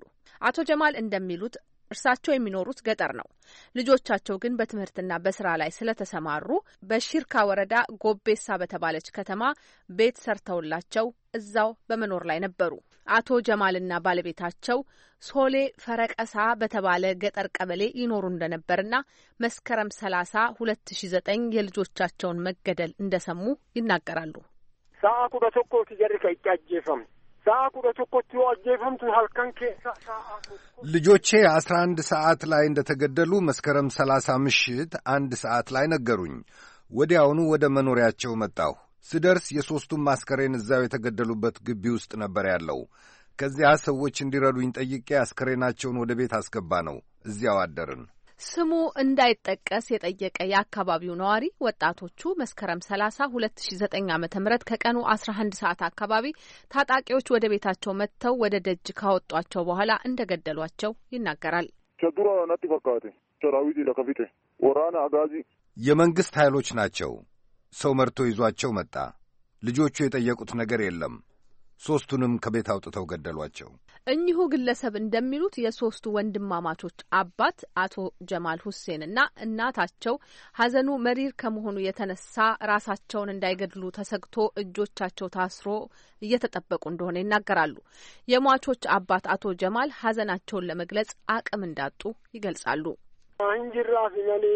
አቶ ጀማል እንደሚሉት እርሳቸው የሚኖሩት ገጠር ነው። ልጆቻቸው ግን በትምህርትና በስራ ላይ ስለተሰማሩ በሺርካ ወረዳ ጎቤሳ በተባለች ከተማ ቤት ሰርተውላቸው እዛው በመኖር ላይ ነበሩ። አቶ ጀማልና ባለቤታቸው ሶሌ ፈረቀሳ በተባለ ገጠር ቀበሌ ይኖሩ እንደነበርና መስከረም ሰላሳ ሁለት ሺ ዘጠኝ የልጆቻቸውን መገደል እንደሰሙ ይናገራሉ። ሰአቱ በቶኮ ሲጀርከ ይጫጀፈም ልጆቼ አስራ አንድ ሰዓት ላይ እንደ ተገደሉ መስከረም ሰላሳ ምሽት አንድ ሰዓት ላይ ነገሩኝ። ወዲያውኑ ወደ መኖሪያቸው መጣሁ። ስደርስ የሦስቱም አስከሬን እዚያው የተገደሉበት ግቢ ውስጥ ነበር ያለው። ከዚያ ሰዎች እንዲረዱኝ ጠይቄ አስከሬናቸውን ወደ ቤት አስገባ ነው። እዚያው አደርን። ስሙ እንዳይጠቀስ የጠየቀ የአካባቢው ነዋሪ ወጣቶቹ መስከረም 30 2009 ም ከቀኑ 11 ሰዓት አካባቢ ታጣቂዎች ወደ ቤታቸው መጥተው ወደ ደጅ ካወጧቸው በኋላ እንደገደሏቸው ይናገራል። የመንግስት ኃይሎች ናቸው። ሰው መርቶ ይዟቸው መጣ። ልጆቹ የጠየቁት ነገር የለም። ሦስቱንም ከቤት አውጥተው ገደሏቸው። እኚሁ ግለሰብ እንደሚሉት የሶስቱ ወንድማማቾች አባት አቶ ጀማል ሁሴን እናታቸው ሀዘኑ መሪር ከመሆኑ የተነሳ ራሳቸውን እንዳይገድሉ ተሰግቶ እጆቻቸው ታስሮ እየተጠበቁ እንደሆነ ይናገራሉ። የሟቾች አባት አቶ ጀማል ሀዘናቸውን ለመግለጽ አቅም እንዳጡ ይገልጻሉ። እንጅራ ፊነሌ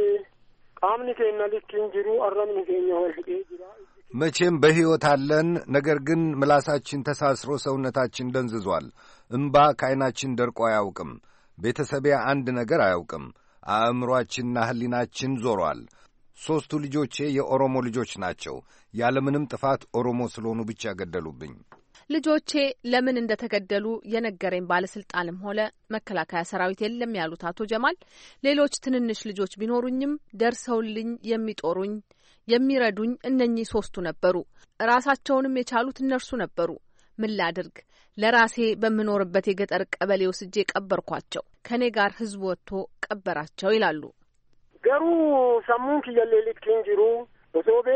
ቃምኒ ልክ እንጅሩ አረምኒ ኬኛ ጅራ መቼም በሕይወት አለን። ነገር ግን ምላሳችን ተሳስሮ ሰውነታችን ደንዝዟል። እምባ ከዐይናችን ደርቆ አያውቅም። ቤተሰቤ አንድ ነገር አያውቅም። አእምሮአችንና ሕሊናችን ዞሯል። ሦስቱ ልጆቼ የኦሮሞ ልጆች ናቸው። ያለምንም ጥፋት ኦሮሞ ስለሆኑ ብቻ ገደሉብኝ። ልጆቼ ለምን እንደተገደሉ የነገረኝ ባለስልጣንም ሆነ መከላከያ ሰራዊት የለም ያሉት አቶ ጀማል ሌሎች ትንንሽ ልጆች ቢኖሩኝም ደርሰውልኝ የሚጦሩኝ የሚረዱኝ እነኚህ ሶስቱ ነበሩ። ራሳቸውንም የቻሉት እነርሱ ነበሩ። ምን ላድርግ? ለራሴ በምኖርበት የገጠር ቀበሌ ወስጄ ቀበርኳቸው። ከእኔ ጋር ህዝብ ወጥቶ ቀበራቸው ይላሉ። ገሩ ሰሙንክ የሌሊት ኪንጅሩ በሶቤ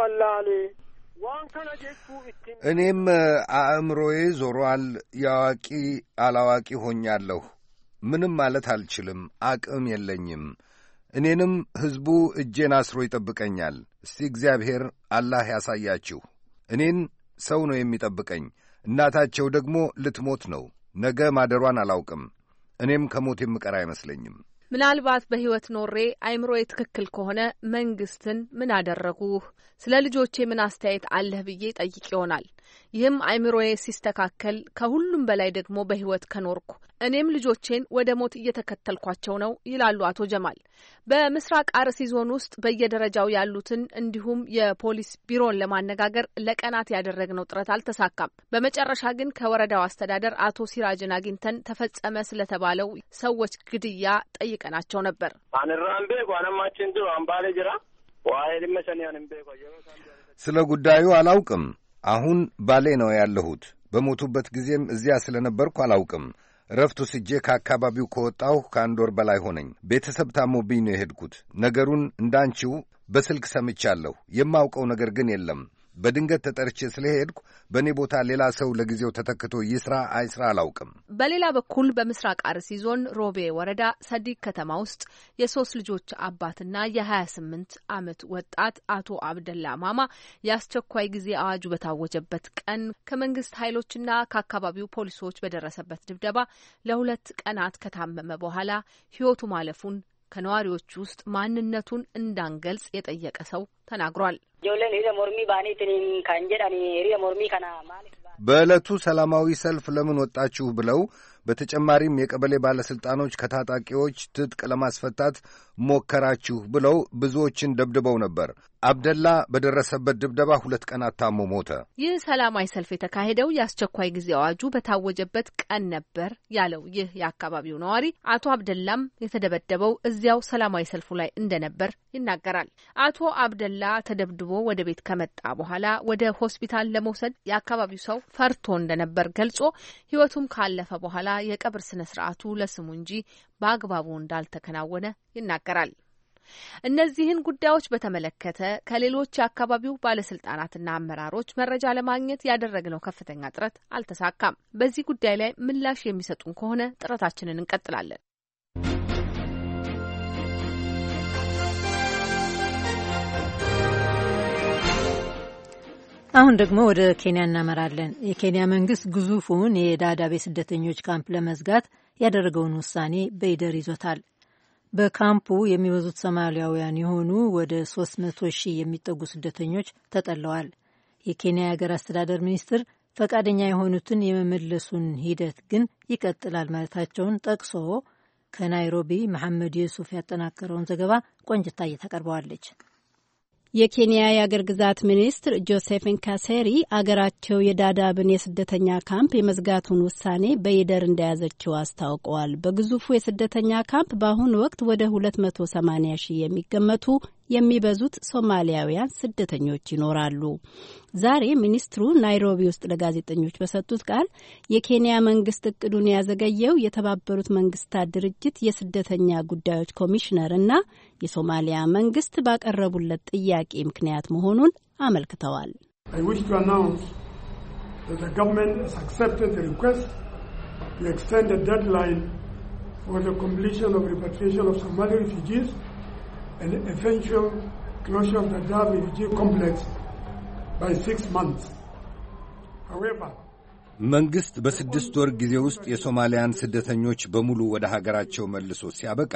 ዋላሌ እኔም አእምሮዬ ዞሯል። የአዋቂ አላዋቂ ሆኛለሁ። ምንም ማለት አልችልም። አቅም የለኝም። እኔንም ሕዝቡ እጄን አስሮ ይጠብቀኛል። እስቲ እግዚአብሔር አላህ ያሳያችሁ። እኔን ሰው ነው የሚጠብቀኝ፣ እናታቸው ደግሞ ልትሞት ነው። ነገ ማደሯን አላውቅም። እኔም ከሞት የምቀር አይመስለኝም። ምናልባት በሕይወት ኖሬ አይምሮዬ ትክክል ከሆነ መንግስትን ምን አደረጉህ፣ ስለ ልጆቼ ምን አስተያየት አለህ ብዬ ጠይቅ ይሆናል። ይህም አይምሮዬ ሲስተካከል ከሁሉም በላይ ደግሞ በህይወት ከኖርኩ እኔም ልጆቼን ወደ ሞት እየተከተልኳቸው ነው ይላሉ አቶ ጀማል። በምስራቅ አርሲ ዞን ውስጥ በየደረጃው ያሉትን እንዲሁም የፖሊስ ቢሮን ለማነጋገር ለቀናት ያደረግነው ጥረት አልተሳካም። በመጨረሻ ግን ከወረዳው አስተዳደር አቶ ሲራጅን አግኝተን ተፈጸመ ስለተባለው ሰዎች ግድያ ጠይቀናቸው ነበር። ስለ ጉዳዩ አላውቅም አሁን ባሌ ነው ያለሁት። በሞቱበት ጊዜም እዚያ ስለነበርኩ አላውቅም። እረፍት ወስጄ ከአካባቢው ከወጣሁ ከአንድ ወር በላይ ሆነኝ። ቤተሰብ ታሞብኝ ነው የሄድኩት። ነገሩን እንዳንቺው በስልክ ሰምቻለሁ። የማውቀው ነገር ግን የለም። በድንገት ተጠርቼ ስለሄድኩ በእኔ ቦታ ሌላ ሰው ለጊዜው ተተክቶ ይስራ አይስራ አላውቅም። በሌላ በኩል በምስራቅ አርሲ ዞን ሮቤ ወረዳ ሰዲግ ከተማ ውስጥ የሶስት ልጆች አባትና የ28 ዓመት ወጣት አቶ አብደላ ማማ የአስቸኳይ ጊዜ አዋጁ በታወጀበት ቀን ከመንግስት ኃይሎችና ከአካባቢው ፖሊሶች በደረሰበት ድብደባ ለሁለት ቀናት ከታመመ በኋላ ህይወቱ ማለፉን ከነዋሪዎች ውስጥ ማንነቱን እንዳንገልጽ የጠየቀ ሰው ተናግሯል። በዕለቱ ሰላማዊ ሰልፍ ለምን ወጣችሁ ብለው በተጨማሪም የቀበሌ ባለሥልጣኖች ከታጣቂዎች ትጥቅ ለማስፈታት ሞከራችሁ ብለው ብዙዎችን ደብድበው ነበር። አብደላ በደረሰበት ድብደባ ሁለት ቀናት ታሞ ሞተ። ይህ ሰላማዊ ሰልፍ የተካሄደው የአስቸኳይ ጊዜ አዋጁ በታወጀበት ቀን ነበር ያለው ይህ የአካባቢው ነዋሪ፣ አቶ አብደላም የተደበደበው እዚያው ሰላማዊ ሰልፉ ላይ እንደነበር ይናገራል። አቶ አብደላ ተደብድቦ ወደ ቤት ከመጣ በኋላ ወደ ሆስፒታል ለመውሰድ የአካባቢው ሰው ፈርቶ እንደነበር ገልጾ ሕይወቱም ካለፈ በኋላ የቀብር ስነ ስርዓቱ ለስሙ እንጂ በአግባቡ እንዳልተከናወነ ይናገራል። እነዚህን ጉዳዮች በተመለከተ ከሌሎች የአካባቢው ባለስልጣናትና አመራሮች መረጃ ለማግኘት ያደረግነው ከፍተኛ ጥረት አልተሳካም። በዚህ ጉዳይ ላይ ምላሽ የሚሰጡን ከሆነ ጥረታችንን እንቀጥላለን። አሁን ደግሞ ወደ ኬንያ እናመራለን። የኬንያ መንግስት ግዙፉን የዳዳቤ ስደተኞች ካምፕ ለመዝጋት ያደረገውን ውሳኔ በይደር ይዞታል። በካምፑ የሚበዙት ሶማሊያውያን የሆኑ ወደ 300 ሺህ የሚጠጉ ስደተኞች ተጠለዋል። የኬንያ የሀገር አስተዳደር ሚኒስትር ፈቃደኛ የሆኑትን የመመለሱን ሂደት ግን ይቀጥላል ማለታቸውን ጠቅሶ ከናይሮቢ መሐመድ ዩሱፍ ያጠናከረውን ዘገባ ቆንጅታ እየተቀርበዋለች። የኬንያ የአገር ግዛት ሚኒስትር ጆሴፊን ካሴሪ አገራቸው የዳዳብን የስደተኛ ካምፕ የመዝጋቱን ውሳኔ በይደር እንደያዘችው አስታውቀዋል። በግዙፉ የስደተኛ ካምፕ በአሁኑ ወቅት ወደ 280 ሺህ የሚገመቱ የሚበዙት ሶማሊያውያን ስደተኞች ይኖራሉ። ዛሬ ሚኒስትሩ ናይሮቢ ውስጥ ለጋዜጠኞች በሰጡት ቃል የኬንያ መንግስት እቅዱን ያዘገየው የተባበሩት መንግስታት ድርጅት የስደተኛ ጉዳዮች ኮሚሽነር እና የሶማሊያ መንግስት ባቀረቡለት ጥያቄ ምክንያት መሆኑን አመልክተዋል። ሪኳስት an eventual closure of the G complex by six months. However, መንግሥት በስድስት ወር ጊዜ ውስጥ የሶማሊያን ስደተኞች በሙሉ ወደ ሀገራቸው መልሶ ሲያበቃ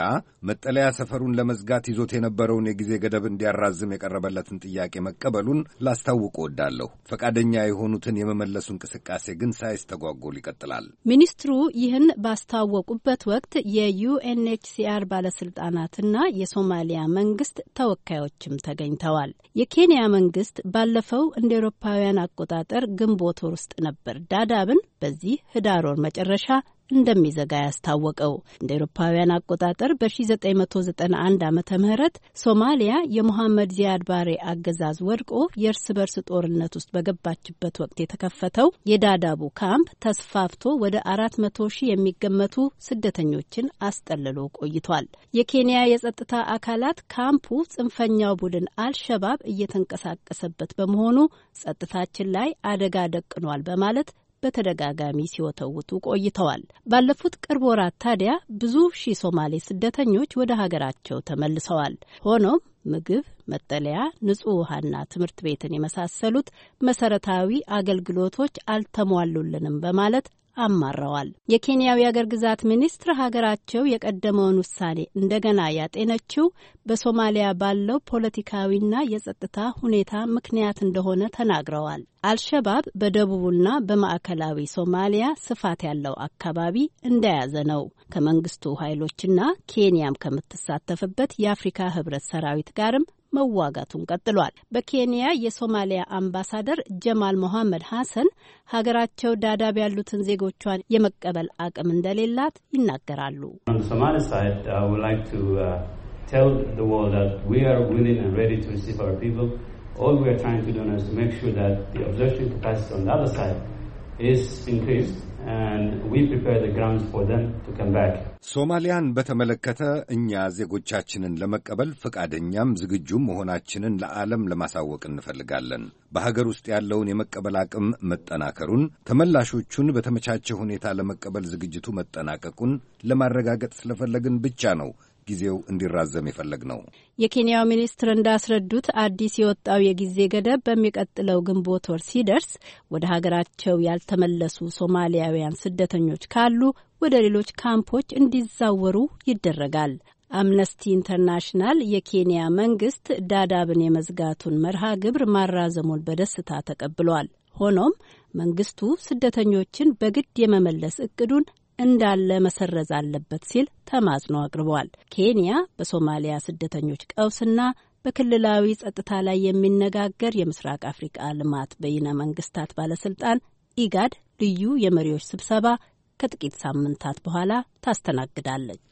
መጠለያ ሰፈሩን ለመዝጋት ይዞት የነበረውን የጊዜ ገደብ እንዲያራዝም የቀረበለትን ጥያቄ መቀበሉን ላስታውቅ እወዳለሁ። ፈቃደኛ የሆኑትን የመመለሱ እንቅስቃሴ ግን ሳይስተጓጎል ይቀጥላል። ሚኒስትሩ ይህን ባስታወቁበት ወቅት የዩኤንኤችሲአር ባለስልጣናትና የሶማሊያ መንግስት ተወካዮችም ተገኝተዋል። የኬንያ መንግስት ባለፈው እንደ ኤሮፓውያን አቆጣጠር ግንቦት ውስጥ ነበር አዳብን በዚህ ህዳር ወር መጨረሻ እንደሚዘጋ ያስታወቀው እንደ ኤሮፓውያን አቆጣጠር በ1991 ዓ ም ሶማሊያ የሙሐመድ ዚያድ ባሬ አገዛዝ ወድቆ የእርስ በርስ ጦርነት ውስጥ በገባችበት ወቅት የተከፈተው የዳዳቡ ካምፕ ተስፋፍቶ ወደ 400 ሺህ የሚገመቱ ስደተኞችን አስጠልሎ ቆይቷል። የኬንያ የጸጥታ አካላት ካምፑ ጽንፈኛው ቡድን አልሸባብ እየተንቀሳቀሰበት በመሆኑ ጸጥታችን ላይ አደጋ ደቅኗል በማለት በተደጋጋሚ ሲወተውቱ ቆይተዋል። ባለፉት ቅርብ ወራት ታዲያ ብዙ ሺህ ሶማሌ ስደተኞች ወደ ሀገራቸው ተመልሰዋል። ሆኖም ምግብ፣ መጠለያ፣ ንጹህ ውሃና ትምህርት ቤትን የመሳሰሉት መሰረታዊ አገልግሎቶች አልተሟሉልንም በማለት አማረዋል። የኬንያው የአገር ግዛት ሚኒስትር ሀገራቸው የቀደመውን ውሳኔ እንደገና ያጤነችው በሶማሊያ ባለው ፖለቲካዊና የጸጥታ ሁኔታ ምክንያት እንደሆነ ተናግረዋል። አልሸባብ በደቡቡና በማዕከላዊ ሶማሊያ ስፋት ያለው አካባቢ እንደያዘ ነው። ከመንግስቱ ኃይሎችና ኬንያም ከምትሳተፍበት የአፍሪካ ህብረት ሰራዊት ጋርም መዋጋቱን ቀጥሏል። በኬንያ የሶማሊያ አምባሳደር ጀማል ሞሐመድ ሐሰን ሀገራቸው ዳዳብ ያሉትን ዜጎቿን የመቀበል አቅም እንደሌላት ይናገራሉ። All we are trying to do now is to make sure that the absorption capacity on the other side is increased. ሶማሊያን በተመለከተ እኛ ዜጎቻችንን ለመቀበል ፈቃደኛም ዝግጁም መሆናችንን ለዓለም ለማሳወቅ እንፈልጋለን። በሀገር ውስጥ ያለውን የመቀበል አቅም መጠናከሩን፣ ተመላሾቹን በተመቻቸ ሁኔታ ለመቀበል ዝግጅቱ መጠናቀቁን ለማረጋገጥ ስለፈለግን ብቻ ነው ጊዜው እንዲራዘም የፈለግ ነው። የኬንያው ሚኒስትር እንዳስረዱት አዲስ የወጣው የጊዜ ገደብ በሚቀጥለው ግንቦት ወር ሲደርስ ወደ ሀገራቸው ያልተመለሱ ሶማሊያውያን ስደተኞች ካሉ ወደ ሌሎች ካምፖች እንዲዛወሩ ይደረጋል። አምነስቲ ኢንተርናሽናል የኬንያ መንግስት ዳዳብን የመዝጋቱን መርሃ ግብር ማራዘሙን በደስታ ተቀብሏል። ሆኖም መንግስቱ ስደተኞችን በግድ የመመለስ እቅዱን እንዳለ መሰረዝ አለበት ሲል ተማጽኖ አቅርቧል። ኬንያ በሶማሊያ ስደተኞች ቀውስና በክልላዊ ጸጥታ ላይ የሚነጋገር የምስራቅ አፍሪቃ ልማት በይነ መንግስታት ባለስልጣን ኢጋድ ልዩ የመሪዎች ስብሰባ ከጥቂት ሳምንታት በኋላ ታስተናግዳለች።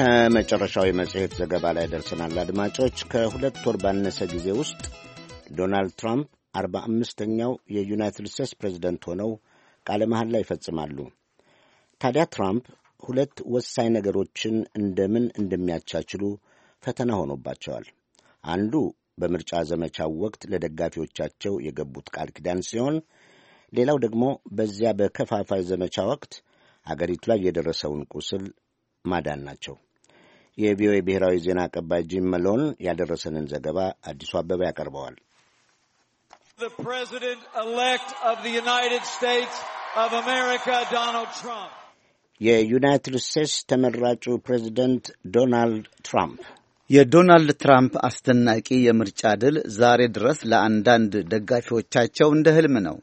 ከመጨረሻው የመጽሔት ዘገባ ላይ ደርሰናል አድማጮች። ከሁለት ወር ባነሰ ጊዜ ውስጥ ዶናልድ ትራምፕ አርባ አምስተኛው የዩናይትድ ስቴትስ ፕሬዝደንት ሆነው ቃለ መሐላ ይፈጽማሉ። ታዲያ ትራምፕ ሁለት ወሳኝ ነገሮችን እንደምን እንደሚያቻችሉ ፈተና ሆኖባቸዋል። አንዱ በምርጫ ዘመቻው ወቅት ለደጋፊዎቻቸው የገቡት ቃል ኪዳን ሲሆን ሌላው ደግሞ በዚያ በከፋፋይ ዘመቻ ወቅት አገሪቱ ላይ የደረሰውን ቁስል ማዳን ናቸው። የቪኦኤ ብሔራዊ ዜና አቀባይ ጂም መሎን ያደረሰንን ዘገባ አዲሱ አበበ ያቀርበዋል። የዩናይትድ ስቴትስ ተመራጩ ፕሬዚደንት ዶናልድ ትራምፕ የዶናልድ ትራምፕ አስደናቂ የምርጫ ድል ዛሬ ድረስ ለአንዳንድ ደጋፊዎቻቸው እንደ ህልም ነው።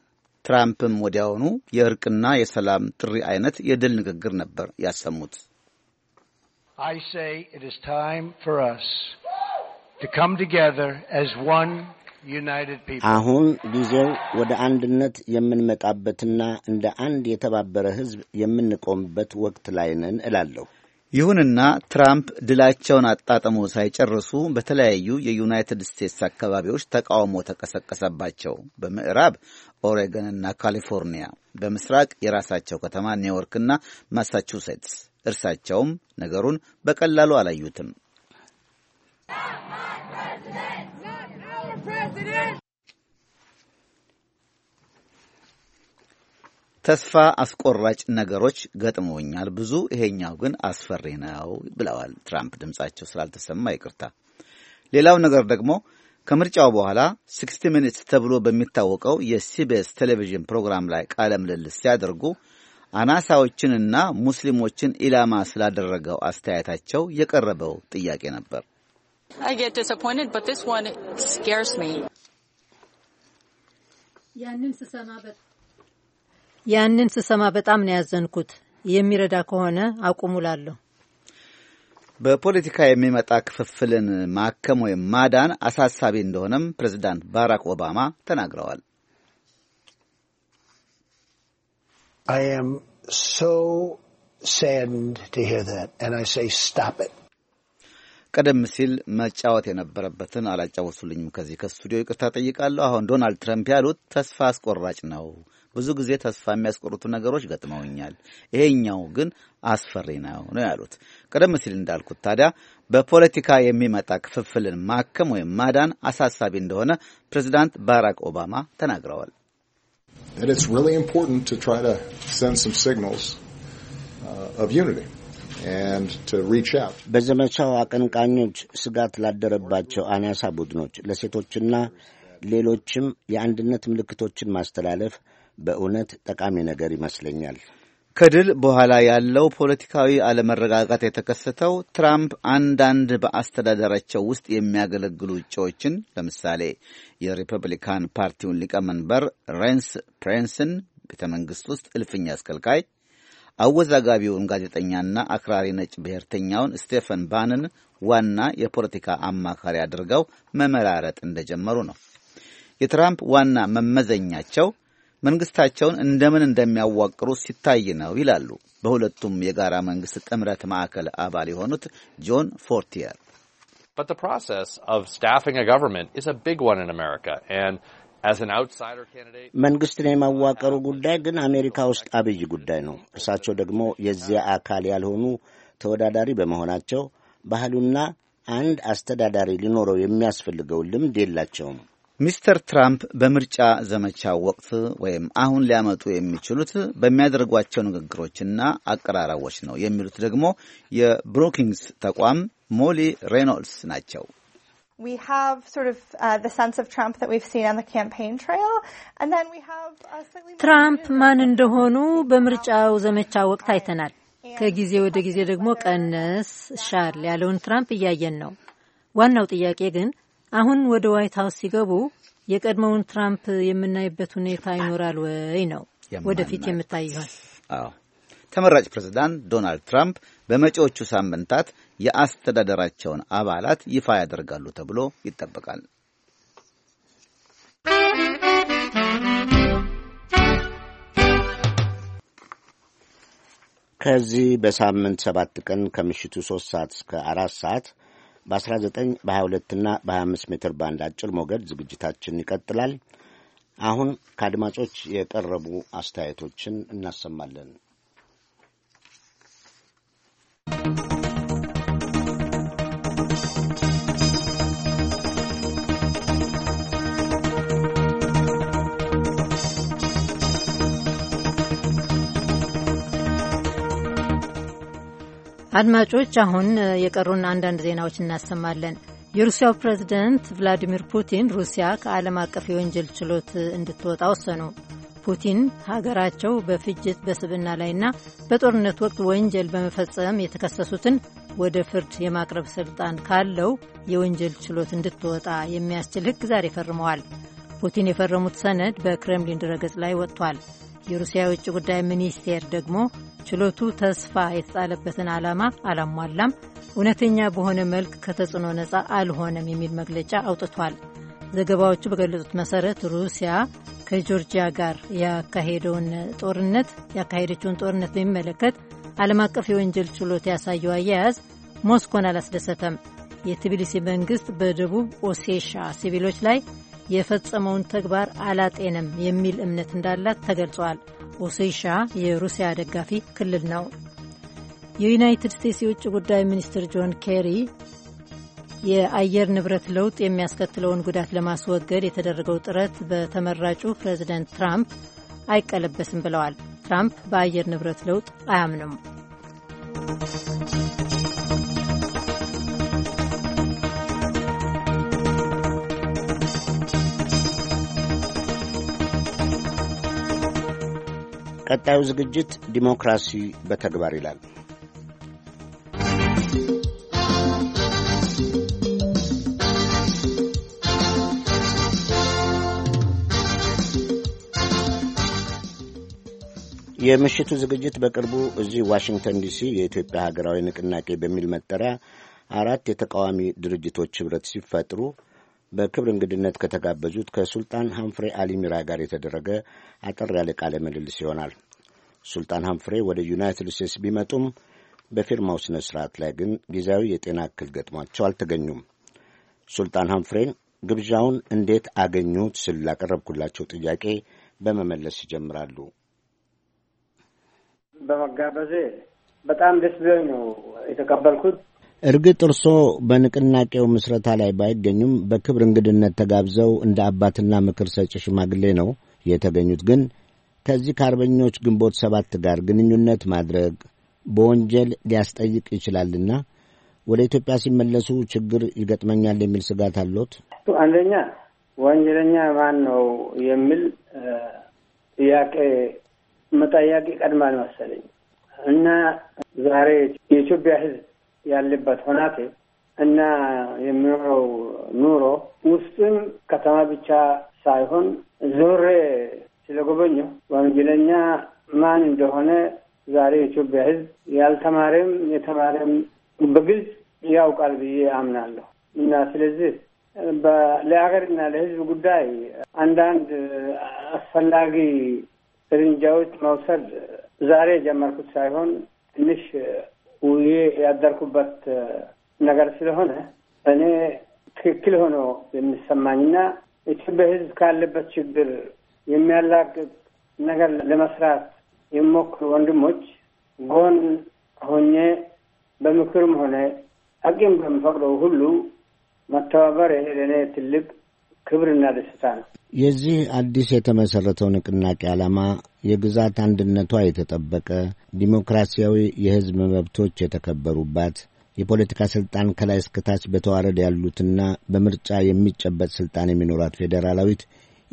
ትራምፕም ወዲያውኑ የእርቅና የሰላም ጥሪ አይነት የድል ንግግር ነበር ያሰሙት። አሁን ጊዜው ወደ አንድነት የምንመጣበትና እንደ አንድ የተባበረ ህዝብ የምንቆምበት ወቅት ላይ ነን እላለሁ። ይሁንና ትራምፕ ድላቸውን አጣጥሞ ሳይጨርሱ በተለያዩ የዩናይትድ ስቴትስ አካባቢዎች ተቃውሞ ተቀሰቀሰባቸው። በምዕራብ ኦሬገንና ካሊፎርኒያ፣ በምስራቅ የራሳቸው ከተማ ኒውዮርክና ማሳቹሴትስ። እርሳቸውም ነገሩን በቀላሉ አላዩትም። ተስፋ አስቆራጭ ነገሮች ገጥመውኛል ብዙ፣ ይሄኛው ግን አስፈሪ ነው ብለዋል ትራምፕ። ድምጻቸው ስላልተሰማ ይቅርታ። ሌላው ነገር ደግሞ ከምርጫው በኋላ ሲክስቲ ሚኒትስ ተብሎ በሚታወቀው የሲቢኤስ ቴሌቪዥን ፕሮግራም ላይ ቃለ ምልልስ ሲያደርጉ አናሳዎችንና ሙስሊሞችን ኢላማ ስላደረገው አስተያየታቸው የቀረበው ጥያቄ ነበር። ያንን ስሰማ ያንን ስሰማ በጣም ነው ያዘንኩት። የሚረዳ ከሆነ አቁሙላለሁ። በፖለቲካ የሚመጣ ክፍፍልን ማከም ወይም ማዳን አሳሳቢ እንደሆነም ፕሬዚዳንት ባራክ ኦባማ ተናግረዋል። ቀደም ሲል መጫወት የነበረበትን አላጫወቱልኝም። ከዚህ ከስቱዲዮ ይቅርታ ጠይቃለሁ። አሁን ዶናልድ ትራምፕ ያሉት ተስፋ አስቆራጭ ነው። ብዙ ጊዜ ተስፋ የሚያስቆርጡ ነገሮች ገጥመውኛል። ይሄኛው ግን አስፈሪ ነው ነው ያሉት። ቀደም ሲል እንዳልኩት ታዲያ በፖለቲካ የሚመጣ ክፍፍልን ማከም ወይም ማዳን አሳሳቢ እንደሆነ ፕሬዚዳንት ባራክ ኦባማ ተናግረዋል። uh, በዘመቻው አቀንቃኞች ስጋት ላደረባቸው አናሳ ቡድኖች፣ ለሴቶችና ሌሎችም የአንድነት ምልክቶችን ማስተላለፍ በእውነት ጠቃሚ ነገር ይመስለኛል። ከድል በኋላ ያለው ፖለቲካዊ አለመረጋጋት የተከሰተው ትራምፕ አንዳንድ በአስተዳደራቸው ውስጥ የሚያገለግሉ እጩዎችን ለምሳሌ የሪፐብሊካን ፓርቲውን ሊቀመንበር ሬንስ ፕሬንስን ቤተ መንግሥት ውስጥ እልፍኝ አስከልካይ፣ አወዛጋቢውን ጋዜጠኛና አክራሪ ነጭ ብሔርተኛውን ስቴፈን ባንን ዋና የፖለቲካ አማካሪ አድርገው መመራረጥ እንደጀመሩ ነው። የትራምፕ ዋና መመዘኛቸው መንግስታቸውን እንደምን እንደሚያዋቅሩ ሲታይ ነው ይላሉ በሁለቱም የጋራ መንግስት ጥምረት ማዕከል አባል የሆኑት ጆን ፎርቲየር። መንግስትን የማዋቀሩ ጉዳይ ግን አሜሪካ ውስጥ አብይ ጉዳይ ነው። እርሳቸው ደግሞ የዚያ አካል ያልሆኑ ተወዳዳሪ በመሆናቸው ባህሉና አንድ አስተዳዳሪ ሊኖረው የሚያስፈልገው ልምድ የላቸውም። ሚስተር ትራምፕ በምርጫ ዘመቻው ወቅት ወይም አሁን ሊያመጡ የሚችሉት በሚያደርጓቸው ንግግሮችና አቀራረቦች ነው የሚሉት ደግሞ የብሮኪንግስ ተቋም ሞሊ ሬኖልድስ ናቸው። uh, ትራምፕ ማን እንደሆኑ በምርጫው ዘመቻ ወቅት አይተናል። ከጊዜ ወደ ጊዜ ደግሞ ቀነስ ሻል ያለውን ትራምፕ እያየን ነው። ዋናው ጥያቄ ግን አሁን ወደ ዋይት ሀውስ ሲገቡ የቀድሞውን ትራምፕ የምናይበት ሁኔታ ይኖራል ወይ ነው ወደፊት የምታይ ይሆን? አዎ ተመራጭ ፕሬዚዳንት ዶናልድ ትራምፕ በመጪዎቹ ሳምንታት የአስተዳደራቸውን አባላት ይፋ ያደርጋሉ ተብሎ ይጠበቃል። ከዚህ በሳምንት ሰባት ቀን ከምሽቱ ሶስት ሰዓት እስከ አራት ሰዓት በ19 በ22ና በ25 ሜትር ባንድ አጭር ሞገድ ዝግጅታችን ይቀጥላል። አሁን ከአድማጮች የቀረቡ አስተያየቶችን እናሰማለን። አድማጮች፣ አሁን የቀሩን አንዳንድ ዜናዎች እናሰማለን። የሩሲያው ፕሬዚደንት ቭላዲሚር ፑቲን ሩሲያ ከዓለም አቀፍ የወንጀል ችሎት እንድትወጣ ወሰኑ። ፑቲን ሀገራቸው በፍጅት በስብና ላይና በጦርነት ወቅት ወንጀል በመፈጸም የተከሰሱትን ወደ ፍርድ የማቅረብ ስልጣን ካለው የወንጀል ችሎት እንድትወጣ የሚያስችል ሕግ ዛሬ ፈርመዋል። ፑቲን የፈረሙት ሰነድ በክሬምሊን ድረገጽ ላይ ወጥቷል። የሩሲያ የውጭ ጉዳይ ሚኒስቴር ደግሞ ችሎቱ ተስፋ የተጣለበትን ዓላማ አላሟላም፣ እውነተኛ በሆነ መልክ ከተጽዕኖ ነጻ አልሆነም የሚል መግለጫ አውጥቷል። ዘገባዎቹ በገለጹት መሰረት ሩሲያ ከጆርጂያ ጋር ያካሄደውን ጦርነት ያካሄደችውን ጦርነት በሚመለከት ዓለም አቀፍ የወንጀል ችሎት ያሳየው አያያዝ ሞስኮን አላስደሰተም። የትቢሊሲ መንግስት በደቡብ ኦሴሻ ሲቪሎች ላይ የፈጸመውን ተግባር አላጤንም የሚል እምነት እንዳላት ተገልጿል። ኦሴሻ የሩሲያ ደጋፊ ክልል ነው። የዩናይትድ ስቴትስ የውጭ ጉዳይ ሚኒስትር ጆን ኬሪ የአየር ንብረት ለውጥ የሚያስከትለውን ጉዳት ለማስወገድ የተደረገው ጥረት በተመራጩ ፕሬዚደንት ትራምፕ አይቀለበስም ብለዋል። ትራምፕ በአየር ንብረት ለውጥ አያምንም። ቀጣዩ ዝግጅት ዲሞክራሲ በተግባር ይላል። የምሽቱ ዝግጅት በቅርቡ እዚህ ዋሽንግተን ዲሲ የኢትዮጵያ ሀገራዊ ንቅናቄ በሚል መጠሪያ አራት የተቃዋሚ ድርጅቶች ኅብረት ሲፈጥሩ በክብር እንግድነት ከተጋበዙት ከሱልጣን ሐምፍሬ አሊ ሚራ ጋር የተደረገ አጠር ያለ ቃለ ምልልስ ይሆናል። ሱልጣን ሐምፍሬ ወደ ዩናይትድ ስቴትስ ቢመጡም በፊርማው ሥነ ሥርዓት ላይ ግን ጊዜያዊ የጤና እክል ገጥሟቸው አልተገኙም። ሱልጣን ሐምፍሬን ግብዣውን እንዴት አገኙት ስል ላቀረብኩላቸው ጥያቄ በመመለስ ይጀምራሉ። በመጋበዜ በጣም ደስ ብሎኝ ነው የተቀበልኩት። እርግጥ እርሶ በንቅናቄው ምስረታ ላይ ባይገኙም በክብር እንግድነት ተጋብዘው እንደ አባትና ምክር ሰጪ ሽማግሌ ነው የተገኙት። ግን ከዚህ ከአርበኞች ግንቦት ሰባት ጋር ግንኙነት ማድረግ በወንጀል ሊያስጠይቅ ይችላልና ወደ ኢትዮጵያ ሲመለሱ ችግር ይገጥመኛል የሚል ስጋት አለዎት? አንደኛ ወንጀለኛ ማን ነው የሚል ጥያቄ መጠያቄ ቀድማል መሰለኝ እና ዛሬ የኢትዮጵያ ሕዝብ ያለበት ሆናቴ እና የሚኖረው ኑሮ ውስጡን ከተማ ብቻ ሳይሆን ዞሬ ስለጎበኘ ወንጀለኛ ማን እንደሆነ ዛሬ የኢትዮጵያ ሕዝብ ያልተማረም የተማረም በግልጽ ያውቃል ብዬ አምናለሁ እና ስለዚህ ለሀገርና ለሕዝብ ጉዳይ አንዳንድ አስፈላጊ እርምጃዎች መውሰድ ዛሬ የጀመርኩት ሳይሆን ትንሽ ውዬ ያደርኩበት ነገር ስለሆነ እኔ ትክክል ሆኖ የሚሰማኝና ኢትዮጵያ ሕዝብ ካለበት ችግር የሚያላቅቅ ነገር ለመስራት የሚሞክሩ ወንድሞች ጎን ሆኜ በምክርም ሆነ አቅም በሚፈቅደው ሁሉ መተባበር ይሄ ለእኔ ትልቅ ክብርና ደስታ ነው። የዚህ አዲስ የተመሠረተው ንቅናቄ ዓላማ የግዛት አንድነቷ የተጠበቀ፣ ዲሞክራሲያዊ የሕዝብ መብቶች የተከበሩባት፣ የፖለቲካ ሥልጣን ከላይ እስከታች በተዋረድ ያሉትና በምርጫ የሚጨበጥ ሥልጣን የሚኖራት ፌዴራላዊት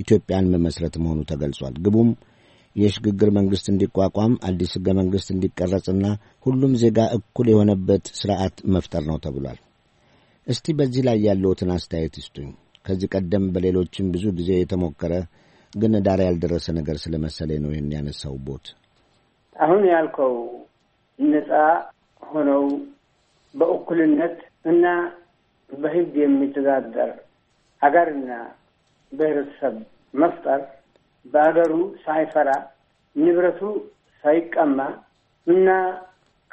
ኢትዮጵያን መመስረት መሆኑ ተገልጿል። ግቡም የሽግግር መንግሥት እንዲቋቋም አዲስ ሕገ መንግሥት እንዲቀረጽና ሁሉም ዜጋ እኩል የሆነበት ሥርዓት መፍጠር ነው ተብሏል። እስቲ በዚህ ላይ ያለዎትን አስተያየት ይስጡኝ። ከዚህ ቀደም በሌሎችም ብዙ ጊዜ የተሞከረ ግን ዳር ያልደረሰ ነገር ስለመሰለኝ ነው ይህን ያነሳው ቦት አሁን ያልከው ነጻ ሆነው በእኩልነት እና በህግ የሚተዳደር ሀገርና ብሔረሰብ መፍጠር በሀገሩ ሳይፈራ ንብረቱ ሳይቀማ እና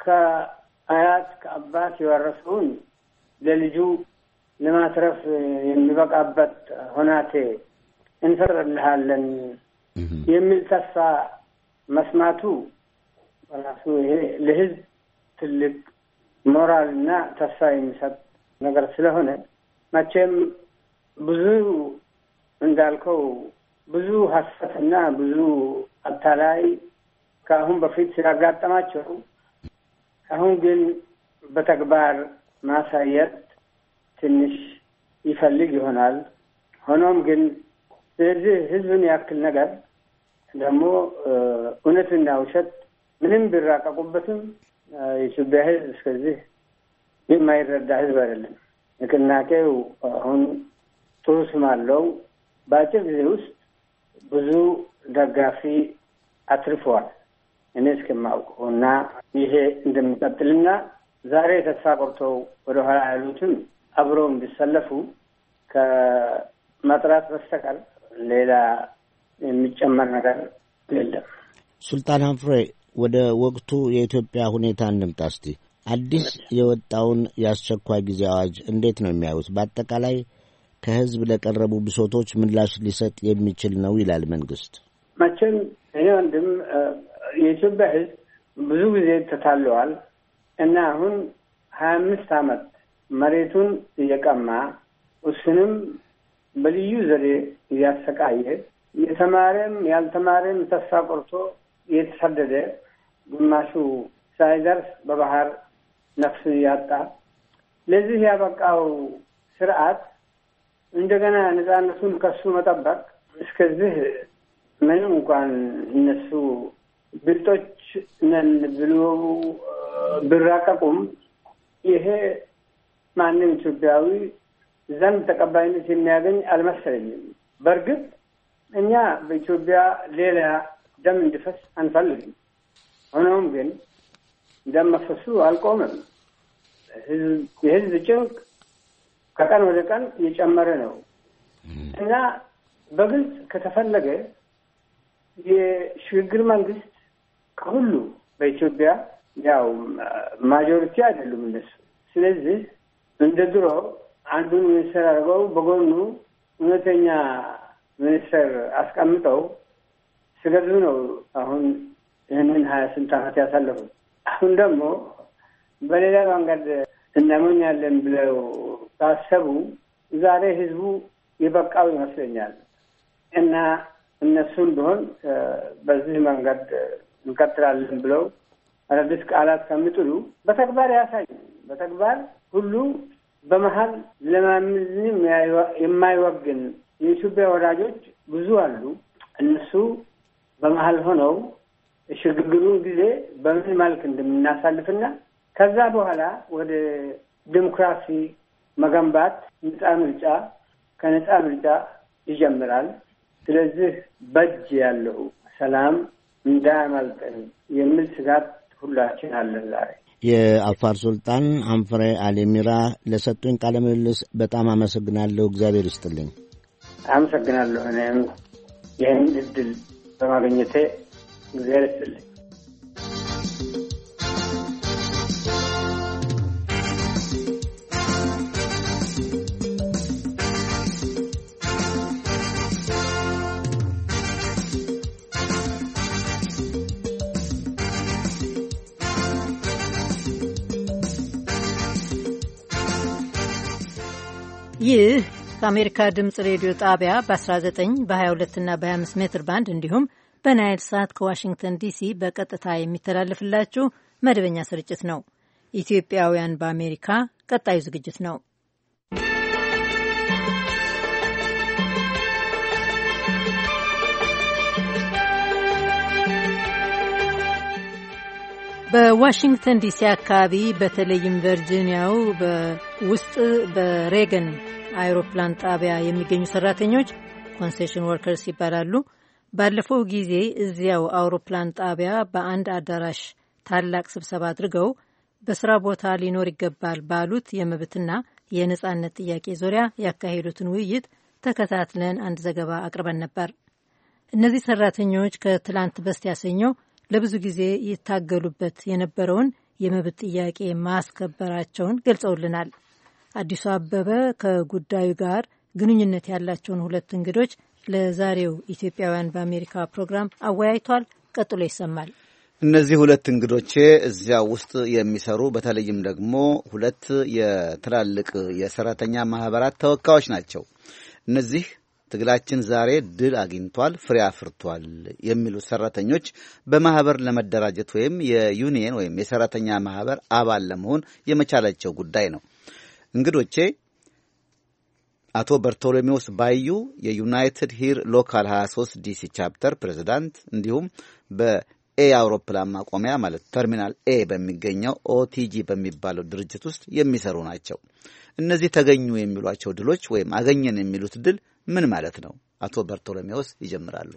ከአያት ከአባት የወረሰውን ለልጁ ለማትረፍ የሚበቃበት ሆናቴ እንፈጥርልሃለን የሚል ተስፋ መስማቱ ራሱ ይሄ ለህዝብ ትልቅ ሞራል እና ተስፋ የሚሰጥ ነገር ስለሆነ መቼም ብዙ እንዳልከው ብዙ ሀሰትና ብዙ አታላይ ከአሁን በፊት ስላጋጠማቸው አሁን ግን በተግባር ማሳየት ትንሽ ይፈልግ ይሆናል። ሆኖም ግን ስለዚህ ህዝብን ያክል ነገር ደግሞ እውነትና ውሸት ምንም ቢራቀቁበትም የኢትዮጵያ ህዝብ እስከዚህ የማይረዳ ህዝብ አይደለም። ንቅናቄው አሁን ጥሩ ስም አለው። በአጭር ጊዜ ውስጥ ብዙ ደጋፊ አትርፈዋል እኔ እስከማውቀው እና ይሄ እንደሚቀጥልና ዛሬ ተስፋ ቆርተው ወደኋላ ያሉትም አብረው እንዲሰለፉ ከመጥራት በስተቀር ሌላ የሚጨመር ነገር የለም። ሱልጣን ሀንፍሬ ወደ ወቅቱ የኢትዮጵያ ሁኔታ እንምጣ እስቲ። አዲስ የወጣውን የአስቸኳይ ጊዜ አዋጅ እንዴት ነው የሚያዩት? በአጠቃላይ ከህዝብ ለቀረቡ ብሶቶች ምላሽ ሊሰጥ የሚችል ነው ይላል መንግስት። መቼም እኔ ወንድም የኢትዮጵያ ህዝብ ብዙ ጊዜ ተታለዋል እና አሁን ሀያ አምስት አመት መሬቱን እየቀማ እሱንም በልዩ ዘዴ እያሰቃየ የተማረም ያልተማረም ተስፋ ቆርቶ እየተሰደደ ግማሹ ሳይደርስ በባህር ነፍስ እያጣ! ለዚህ ያበቃው ስርዓት እንደገና ነፃነቱን ከሱ መጠበቅ እስከዚህ ምንም እንኳን እነሱ ብልጦች ነን ብሎ ቢራቀቁም ይሄ ማንም ኢትዮጵያዊ ዘንድ ተቀባይነት የሚያገኝ አልመሰለኝም። በእርግጥ እኛ በኢትዮጵያ ሌላ ደም እንዲፈስ አንፈልግም። ሆኖም ግን ደም መፈሱ አልቆምም። የህዝብ ጭንቅ ከቀን ወደ ቀን እየጨመረ ነው እና በግልጽ ከተፈለገ የሽግግር መንግስት ከሁሉ በኢትዮጵያ ያው ማጆሪቲ አይደሉም እነሱ። ስለዚህ እንደ ድሮ አንዱን ሚኒስትር አድርገው በጎኑ እውነተኛ ሚኒስትር አስቀምጠው ስገድሉ ነው አሁን ይህንን ሀያ ስንት ዓመት ያሳለፉት። አሁን ደግሞ በሌላ መንገድ እናመኛለን ብለው ካሰቡ ዛሬ ህዝቡ የበቃው ይመስለኛል እና እነሱን ቢሆን በዚህ መንገድ እንቀጥላለን ብለው አዳዲስ ቃላት ከሚጥሉ በተግባር ያሳዩ። በተግባር ሁሉ በመሀል ለማንም የማይወግን የኢትዮጵያ ወዳጆች ብዙ አሉ። እነሱ በመሀል ሆነው የሽግግሩን ጊዜ በምን መልክ እንደምናሳልፍና ከዛ በኋላ ወደ ዲሞክራሲ መገንባት ነጻ ምርጫ ከነጻ ምርጫ ይጀምራል። ስለዚህ በእጅ ያለው ሰላም እንዳያመልጠን የሚል ስጋት ሁላችን አለን ዛሬ የአፋር ሱልጣን አንፍሬ አሊሚራ ለሰጡኝ ቃለ ምልልስ በጣም አመሰግናለሁ። እግዚአብሔር ይስጥልኝ። አመሰግናለሁ። እኔም ይህን እድል በማግኘቴ እግዚአብሔር ይስጥልኝ። ይህ ከአሜሪካ ድምፅ ሬዲዮ ጣቢያ በ19 በ22ና በ25 ሜትር ባንድ እንዲሁም በናይል ሳት ከዋሽንግተን ዲሲ በቀጥታ የሚተላለፍላችሁ መደበኛ ስርጭት ነው። ኢትዮጵያውያን በአሜሪካ ቀጣዩ ዝግጅት ነው። በዋሽንግተን ዲሲ አካባቢ በተለይም ቨርጂኒያው ውስጥ በሬገን አይሮፕላን ጣቢያ የሚገኙ ሰራተኞች ኮንሴሽን ወርከርስ ይባላሉ። ባለፈው ጊዜ እዚያው አውሮፕላን ጣቢያ በአንድ አዳራሽ ታላቅ ስብሰባ አድርገው በስራ ቦታ ሊኖር ይገባል ባሉት የመብትና የነጻነት ጥያቄ ዙሪያ ያካሄዱትን ውይይት ተከታትለን አንድ ዘገባ አቅርበን ነበር። እነዚህ ሰራተኞች ከትላንት በስቲያ ሰኞ ለብዙ ጊዜ ይታገሉበት የነበረውን የመብት ጥያቄ ማስከበራቸውን ገልጸውልናል። አዲሱ አበበ ከጉዳዩ ጋር ግንኙነት ያላቸውን ሁለት እንግዶች ለዛሬው ኢትዮጵያውያን በአሜሪካ ፕሮግራም አወያይቷል። ቀጥሎ ይሰማል። እነዚህ ሁለት እንግዶቼ እዚያ ውስጥ የሚሰሩ በተለይም ደግሞ ሁለት የትላልቅ የሰራተኛ ማህበራት ተወካዮች ናቸው። እነዚህ ትግላችን ዛሬ ድል አግኝቷል፣ ፍሬ አፍርቷል የሚሉ ሰራተኞች በማህበር ለመደራጀት ወይም የዩኒየን ወይም የሰራተኛ ማህበር አባል ለመሆን የመቻላቸው ጉዳይ ነው። እንግዶቼ አቶ በርቶሎሜዎስ ባዩ የዩናይትድ ሂር ሎካል 23 ዲሲ ቻፕተር ፕሬዚዳንት እንዲሁም በኤ አውሮፕላን ማቆሚያ ማለት ተርሚናል ኤ በሚገኘው ኦቲጂ በሚባለው ድርጅት ውስጥ የሚሰሩ ናቸው። እነዚህ ተገኙ የሚሏቸው ድሎች ወይም አገኘን የሚሉት ድል ምን ማለት ነው? አቶ በርቶሎሜዎስ ይጀምራሉ።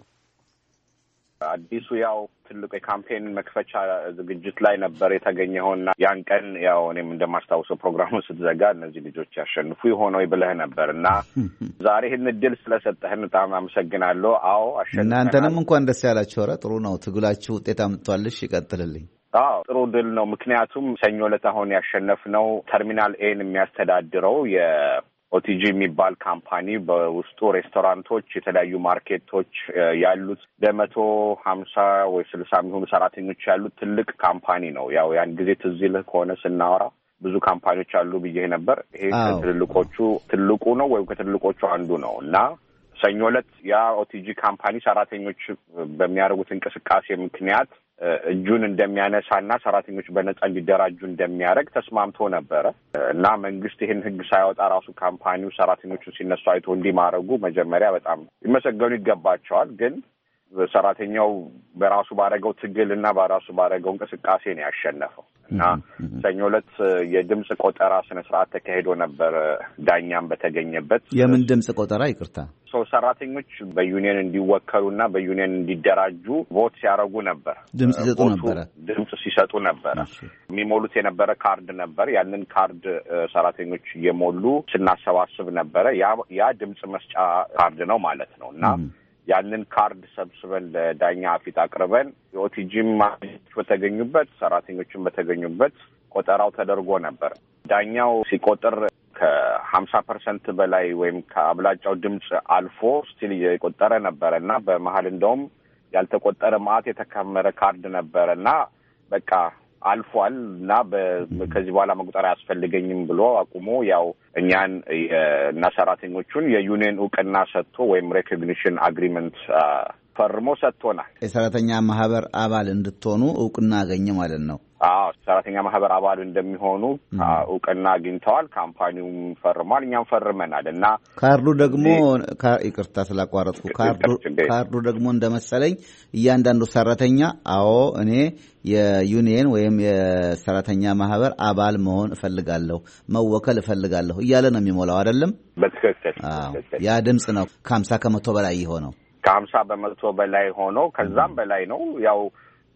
አዲሱ ያው ትልቁ የካምፔን መክፈቻ ዝግጅት ላይ ነበር የተገኘውና ያን ቀን ያው እኔም እንደማስታውሰው ፕሮግራሙ ስትዘጋ እነዚህ ልጆች ያሸንፉ የሆነው ብለህ ነበር እና ዛሬ ይህን እድል ስለሰጠህን በጣም አመሰግናለሁ። አዎ አሸንፈናል። እናንተንም እንኳን ደስ ያላችሁ። ኧረ ጥሩ ነው፣ ትግላችሁ ውጤት አምጥቷልሽ፣ ይቀጥልልኝ። አዎ ጥሩ ድል ነው። ምክንያቱም ሰኞ ዕለት አሁን ያሸነፍነው ተርሚናል ኤን የሚያስተዳድረው ኦቲጂ የሚባል ካምፓኒ በውስጡ ሬስቶራንቶች፣ የተለያዩ ማርኬቶች ያሉት ለመቶ ሀምሳ ወይ ስልሳ የሚሆኑ ሰራተኞች ያሉት ትልቅ ካምፓኒ ነው። ያው ያን ጊዜ ትዝ ይልህ ከሆነ ስናወራ ብዙ ካምፓኒዎች አሉ ብዬ ነበር። ይሄ ከትልልቆቹ ትልቁ ነው ወይም ከትልልቆቹ አንዱ ነው እና ሰኞ ዕለት ያ ኦቲጂ ካምፓኒ ሰራተኞች በሚያደርጉት እንቅስቃሴ ምክንያት እጁን እንደሚያነሳና ሰራተኞች በነጻ እንዲደራጁ እንደሚያደርግ ተስማምቶ ነበረ እና መንግስት ይህን ህግ ሳያወጣ ራሱ ካምፓኒው ሰራተኞቹን ሲነሱ አይቶ እንዲህ ማድረጉ መጀመሪያ በጣም ሊመሰገኑ ይገባቸዋል። ግን ሰራተኛው በራሱ ባደረገው ትግል እና በራሱ ባደረገው እንቅስቃሴ ነው ያሸነፈው እና ሰኞ ዕለት የድምፅ ቆጠራ ስነ ስርዓት ተካሂዶ ነበር። ዳኛም በተገኘበት የምን ድምፅ ቆጠራ ይቅርታ፣ ሰው ሰራተኞች በዩኒየን እንዲወከሉ እና በዩኒየን እንዲደራጁ ቮት ሲያደርጉ ነበር። ድምፅ ሲሰጡ ነበረ ድምፅ ሲሰጡ ነበረ። የሚሞሉት የነበረ ካርድ ነበር። ያንን ካርድ ሰራተኞች እየሞሉ ስናሰባስብ ነበረ። ያ ድምፅ መስጫ ካርድ ነው ማለት ነው እና ያንን ካርድ ሰብስበን ለዳኛ ፊት አቅርበን የኦቲጂም ማች በተገኙበት ሰራተኞችን በተገኙበት ቆጠራው ተደርጎ ነበር። ዳኛው ሲቆጥር ከሀምሳ ፐርሰንት በላይ ወይም ከአብላጫው ድምፅ አልፎ ስቲል የቆጠረ ነበረ እና በመሀል እንደውም ያልተቆጠረ ማአት የተከመረ ካርድ ነበረ እና በቃ አልፏል እና ከዚህ በኋላ መቁጠር አያስፈልገኝም ብሎ አቁሞ ያው እኛን እና ሰራተኞቹን የዩኒየን እውቅና ሰጥቶ ወይም ሬኮግኒሽን አግሪመንት ፈርሞ ሰጥቶናል። የሰራተኛ ማህበር አባል እንድትሆኑ እውቅና አገኘ ማለት ነው። አዎ ሰራተኛ ማህበር አባል እንደሚሆኑ እውቅና አግኝተዋል። ካምፓኒውም ፈርሟል፣ እኛም ፈርመናል እና ካርዱ ደግሞ ይቅርታ ስላቋረጥኩ ካርዱ ደግሞ እንደመሰለኝ እያንዳንዱ ሰራተኛ አዎ እኔ የዩኒየን ወይም የሰራተኛ ማህበር አባል መሆን እፈልጋለሁ፣ መወከል እፈልጋለሁ እያለ ነው የሚሞላው አይደለም? በትክክል ያ ድምፅ ነው ከሀምሳ ከመቶ በላይ የሆነው ከሀምሳ በመቶ በላይ ሆኖ ከዛም በላይ ነው ያው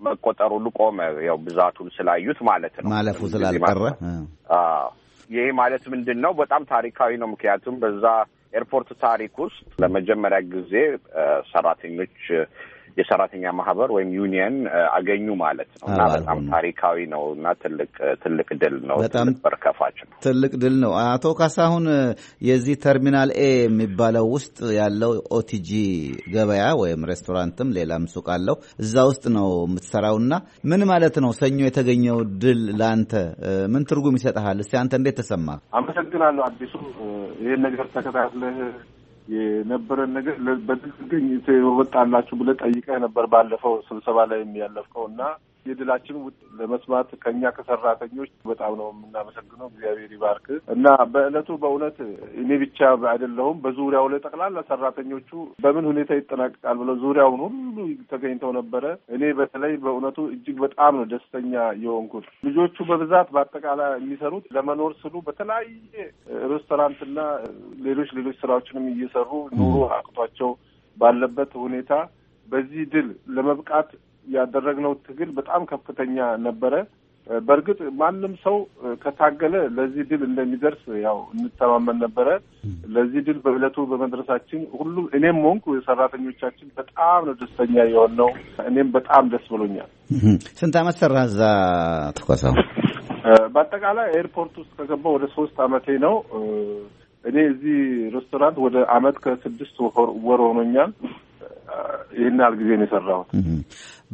መቆጠሩ ልቆመ። ያው ብዛቱን ስላዩት ማለት ነው ማለፉ ስላልቀረ ይሄ ማለት ምንድን ነው? በጣም ታሪካዊ ነው። ምክንያቱም በዛ ኤርፖርት ታሪክ ውስጥ ለመጀመሪያ ጊዜ ሰራተኞች የሰራተኛ ማህበር ወይም ዩኒየን አገኙ ማለት ነው እና በጣም ታሪካዊ ነው እና ትልቅ ትልቅ ድል ነው። በጣም በርከፋች ነው። ትልቅ ድል ነው። አቶ ካሳሁን የዚህ ተርሚናል ኤ የሚባለው ውስጥ ያለው ኦቲጂ ገበያ ወይም ሬስቶራንትም ሌላም ሱቅ አለው እዛ ውስጥ ነው የምትሰራው እና ምን ማለት ነው ሰኞ የተገኘው ድል ለአንተ ምን ትርጉም ይሰጠሃል? እስቲ አንተ እንዴት ተሰማ? አመሰግናለሁ አዲሱ ይህን ነገር ተከታትለህ የነበረን ነገር በድል ገኝ ወጣላችሁ ብለህ ጠይቀህ ነበር ባለፈው ስብሰባ ላይ ያለፍከው እና የድላችን ውጥ ለመስማት ከኛ ከሰራተኞች በጣም ነው የምናመሰግነው። እግዚአብሔር ይባርክ እና በእለቱ በእውነት እኔ ብቻ አይደለሁም፣ በዙሪያው ላይ ጠቅላላ ሰራተኞቹ በምን ሁኔታ ይጠናቀቃል ብለው ዙሪያውን ሁሉ ተገኝተው ነበረ። እኔ በተለይ በእውነቱ እጅግ በጣም ነው ደስተኛ የሆንኩት። ልጆቹ በብዛት በአጠቃላይ የሚሰሩት ለመኖር ስሉ በተለያየ ሬስቶራንትና ሌሎች ሌሎች ስራዎችንም እየሰሩ ኑሮ አቅቷቸው ባለበት ሁኔታ በዚህ ድል ለመብቃት ያደረግነው ትግል በጣም ከፍተኛ ነበረ። በእርግጥ ማንም ሰው ከታገለ ለዚህ ድል እንደሚደርስ ያው እንተማመን ነበረ። ለዚህ ድል በእለቱ በመድረሳችን ሁሉም እኔም ሞንኩ ሰራተኞቻችን በጣም ነው ደስተኛ የሆነው። እኔም በጣም ደስ ብሎኛል። ስንት አመት ሰራ እዛ ትኮሰው? በአጠቃላይ ኤርፖርት ውስጥ ከገባ ወደ ሶስት አመቴ ነው። እኔ እዚህ ሬስቶራንት ወደ አመት ከስድስት ወር ሆኖኛል። ይህን ያህል ጊዜ ነው የሰራሁት።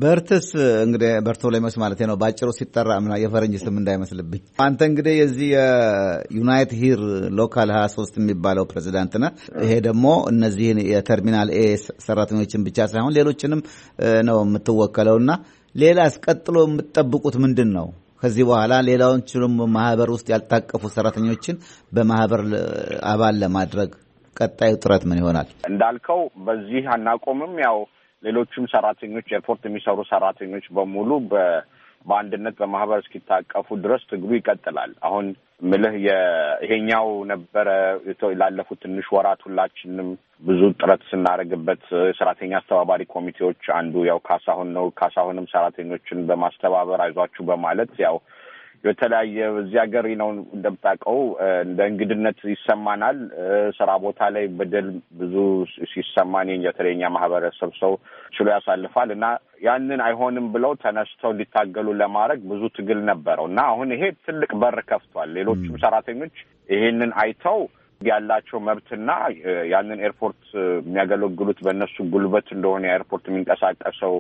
በርትስ እንግዲህ በርቶሎሜዎስ ማለት ነው በአጭሩ ሲጠራ ምና የፈረንጅ ስም እንዳይመስልብኝ። አንተ እንግዲህ የዚህ የዩናይት ሂር ሎካል ሶስት የሚባለው ፕሬዚዳንት ነ ይሄ ደግሞ እነዚህን የተርሚናል ኤ ሰራተኞችን ብቻ ሳይሆን ሌሎችንም ነው የምትወከለው እና ሌላ አስቀጥሎ የምትጠብቁት ምንድን ነው? ከዚህ በኋላ ሌላዎችንም ማህበር ውስጥ ያልታቀፉ ሰራተኞችን በማህበር አባል ለማድረግ ቀጣዩ ጥረት ምን ይሆናል? እንዳልከው በዚህ አናቆምም ያው ሌሎቹም ሰራተኞች ኤርፖርት የሚሰሩ ሰራተኞች በሙሉ በአንድነት በማህበር እስኪታቀፉ ድረስ ትግሉ ይቀጥላል። አሁን ምልህ ይሄኛው ነበረ ላለፉት ትንሽ ወራት ሁላችንም ብዙ ጥረት ስናደርግበት ሰራተኛ አስተባባሪ ኮሚቴዎች አንዱ ያው ካሳሁን ነው። ካሳሁንም ሰራተኞችን በማስተባበር አይዟችሁ በማለት ያው የተለያየ እዚህ ሀገር ነው እንደምታውቀው እንደ እንግድነት ይሰማናል። ስራ ቦታ ላይ በደል ብዙ ሲሰማን የተለኛ ማህበረሰብ ሰው ችሎ ያሳልፋል እና ያንን አይሆንም ብለው ተነስተው እንዲታገሉ ለማድረግ ብዙ ትግል ነበረው እና አሁን ይሄ ትልቅ በር ከፍቷል። ሌሎችም ሰራተኞች ይሄንን አይተው ያላቸው መብትና ያንን ኤርፖርት የሚያገለግሉት በእነሱ ጉልበት እንደሆነ ኤርፖርት የሚንቀሳቀሰው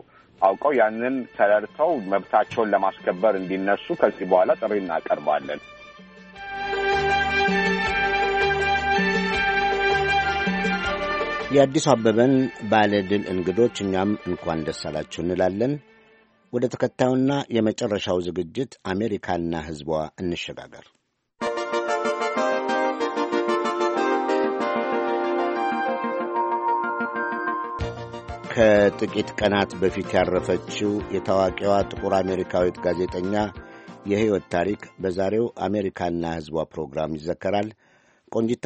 አውቀው ያንን ተረድተው መብታቸውን ለማስከበር እንዲነሱ ከዚህ በኋላ ጥሪ እናቀርባለን። የአዲስ አበበን ባለድል እንግዶች እኛም እንኳን ደስ አላችሁ እንላለን። ወደ ተከታዩና የመጨረሻው ዝግጅት አሜሪካና ሕዝቧ እንሸጋገር። ከጥቂት ቀናት በፊት ያረፈችው የታዋቂዋ ጥቁር አሜሪካዊት ጋዜጠኛ የሕይወት ታሪክ በዛሬው አሜሪካና ሕዝቧ ፕሮግራም ይዘከራል። ቆንጂት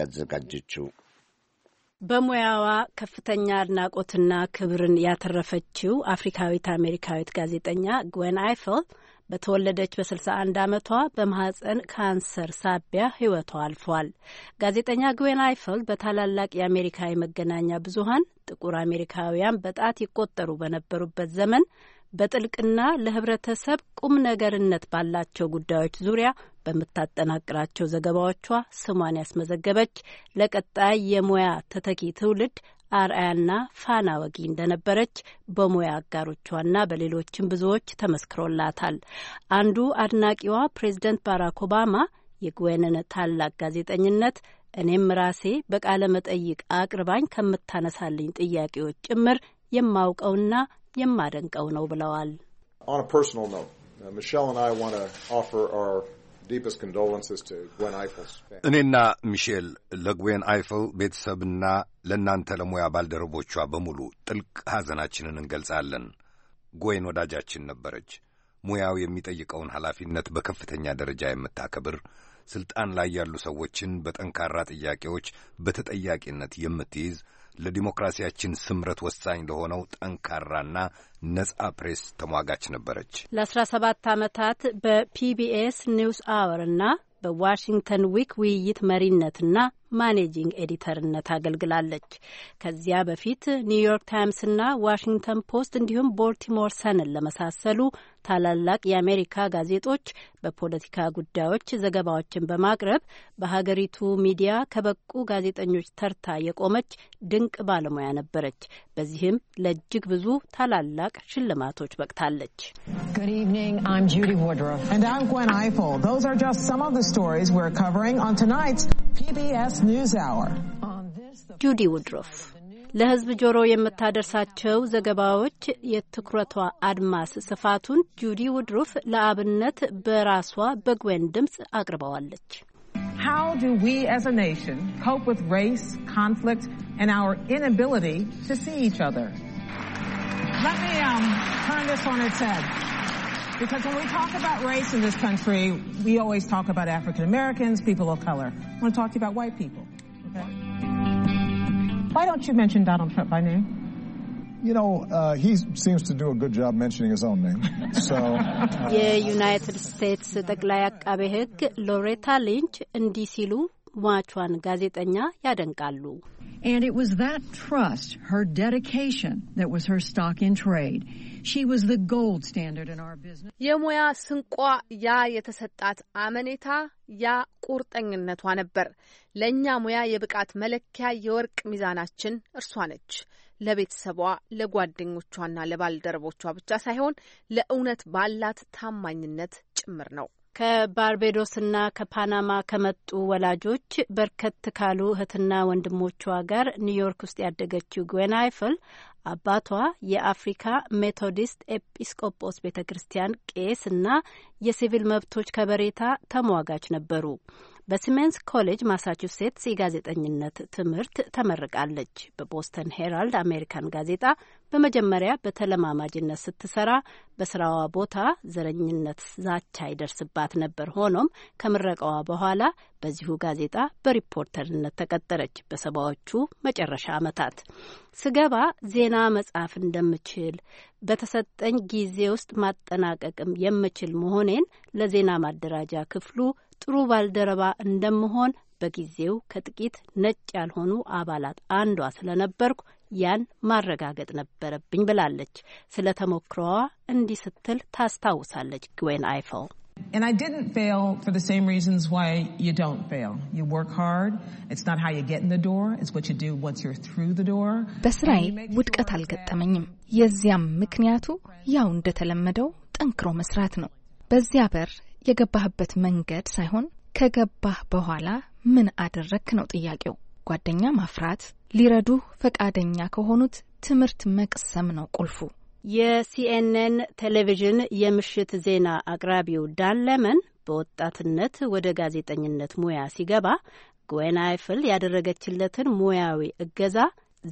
ያዘጋጀችው። በሙያዋ ከፍተኛ አድናቆትና ክብርን ያተረፈችው አፍሪካዊት አሜሪካዊት ጋዜጠኛ ግዌን አይፈል በተወለደች በ61 ዓመቷ በማህፀን ካንሰር ሳቢያ ህይወቷ አልፏል። ጋዜጠኛ ግዌን አይፈል በታላላቅ የአሜሪካ የመገናኛ ብዙሀን ጥቁር አሜሪካውያን በጣት ይቆጠሩ በነበሩበት ዘመን በጥልቅና ለህብረተሰብ ቁም ነገርነት ባላቸው ጉዳዮች ዙሪያ በምታጠናቅራቸው ዘገባዎቿ ስሟን ያስመዘገበች ለቀጣይ የሙያ ተተኪ ትውልድ አርአያና ፋና ወጊ እንደነበረች በሙያ አጋሮቿና በሌሎችም ብዙዎች ተመስክሮላታል። አንዱ አድናቂዋ ፕሬዝደንት ባራክ ኦባማ የጉዌንን ታላቅ ጋዜጠኝነት እኔም ራሴ በቃለ መጠይቅ አቅርባኝ ከምታነሳልኝ ጥያቄዎች ጭምር የማውቀውና የማደንቀው ነው ብለዋል። uh, እኔና ሚሼል ለግዌን አይፈል ቤተሰብና ለእናንተ ለሙያ ባልደረቦቿ በሙሉ ጥልቅ ሐዘናችንን እንገልጻለን። ጎይን ወዳጃችን ነበረች። ሙያው የሚጠይቀውን ኃላፊነት በከፍተኛ ደረጃ የምታከብር ስልጣን ላይ ያሉ ሰዎችን በጠንካራ ጥያቄዎች በተጠያቂነት የምትይዝ ለዲሞክራሲያችን ስምረት ወሳኝ ለሆነው ጠንካራና ነጻ ፕሬስ ተሟጋች ነበረች። ለ ለ17 ዓመታት በፒቢኤስ ኒውስ አወር እና በዋሽንግተን ዊክ ውይይት መሪነትና ማኔጂንግ ኤዲተርነት አገልግላለች። ከዚያ በፊት ኒውዮርክ ታይምስና ዋሽንግተን ፖስት እንዲሁም ቦልቲሞር ሰንን ለመሳሰሉ ታላላቅ የአሜሪካ ጋዜጦች በፖለቲካ ጉዳዮች ዘገባዎችን በማቅረብ በሀገሪቱ ሚዲያ ከበቁ ጋዜጠኞች ተርታ የቆመች ድንቅ ባለሙያ ነበረች። በዚህም ለእጅግ ብዙ ታላላቅ ሽልማቶች በቅታለች። ጁዲ ጁዲ ውድሮፍ ጆሮ የምታደርሳቸው ዘገባዎች የትኩረቷ አድማስ ስፋቱን ጁዲ ውድሮፍ ለአብነት በራሷ በግዌን ድምፅ አቅርበዋለች። How do we as a nation cope with race, conflict, and our inability to see each other? Let me um, turn this on its head. Because when we talk about race in this country, we always talk about African Americans, people of color. I want to talk to you about white people. Okay? Why don't you mention Donald Trump by name? You know, uh, he seems to do a good job mentioning his own name. So, የዩናይትድ ስቴትስ ጠቅላይ አቃቤ ሕግ ሎሬታ ሊንች እንዲህ ሲሉ ሟቿን ጋዜጠኛ ያደንቃሉ። And it was that trust, her dedication, that was her stock in trade. She was the gold standard in our business. የሙያ ስንቋ ያ የተሰጣት አመኔታ ያ ቁርጠኝነቷ ነበር። ለእኛ ሙያ የብቃት መለኪያ የወርቅ ሚዛናችን እርሷ ነች። ለቤተሰቧ ለጓደኞቿና ለባልደረቦቿ ብቻ ሳይሆን ለእውነት ባላት ታማኝነት ጭምር ነው። ከባርቤዶስና ከፓናማ ከመጡ ወላጆች በርከት ካሉ እህትና ወንድሞቿ ጋር ኒውዮርክ ውስጥ ያደገችው ግዌን አይፍል አባቷ የአፍሪካ ሜቶዲስት ኤጲስቆጶስ ቤተ ክርስቲያን ቄስ እና የሲቪል መብቶች ከበሬታ ተሟጋች ነበሩ። በሲሜንስ ኮሌጅ ማሳቹሴትስ የጋዜጠኝነት ትምህርት ተመርቃለች። በቦስተን ሄራልድ አሜሪካን ጋዜጣ በመጀመሪያ በተለማማጅነት ስትሰራ በስራዋ ቦታ ዘረኝነት ዛቻ ይደርስባት ነበር። ሆኖም ከምረቃዋ በኋላ በዚሁ ጋዜጣ በሪፖርተርነት ተቀጠረች። በሰባዎቹ መጨረሻ ዓመታት ስገባ ዜና መጻፍ እንደምችል በተሰጠኝ ጊዜ ውስጥ ማጠናቀቅም የምችል መሆኔን ለዜና ማደራጃ ክፍሉ ጥሩ ባልደረባ እንደምሆን በጊዜው ከጥቂት ነጭ ያልሆኑ አባላት አንዷ ስለነበርኩ ያን ማረጋገጥ ነበረብኝ ብላለች። ስለ ተሞክሮዋ እንዲህ ስትል ታስታውሳለች ግዌን አይፈው። በስራዬ ውድቀት አልገጠመኝም። የዚያም ምክንያቱ ያው እንደተለመደው ጠንክሮ መስራት ነው። በዚያ በር የገባህበት መንገድ ሳይሆን ከገባህ በኋላ ምን አደረግክ ነው ጥያቄው። ጓደኛ ማፍራት ሊረዱ ፈቃደኛ ከሆኑት ትምህርት መቅሰም ነው ቁልፉ። የሲኤንኤን ቴሌቪዥን የምሽት ዜና አቅራቢው ዳን ለመን በወጣትነት ወደ ጋዜጠኝነት ሙያ ሲገባ ግዌን አይፍል ያደረገችለትን ሙያዊ እገዛ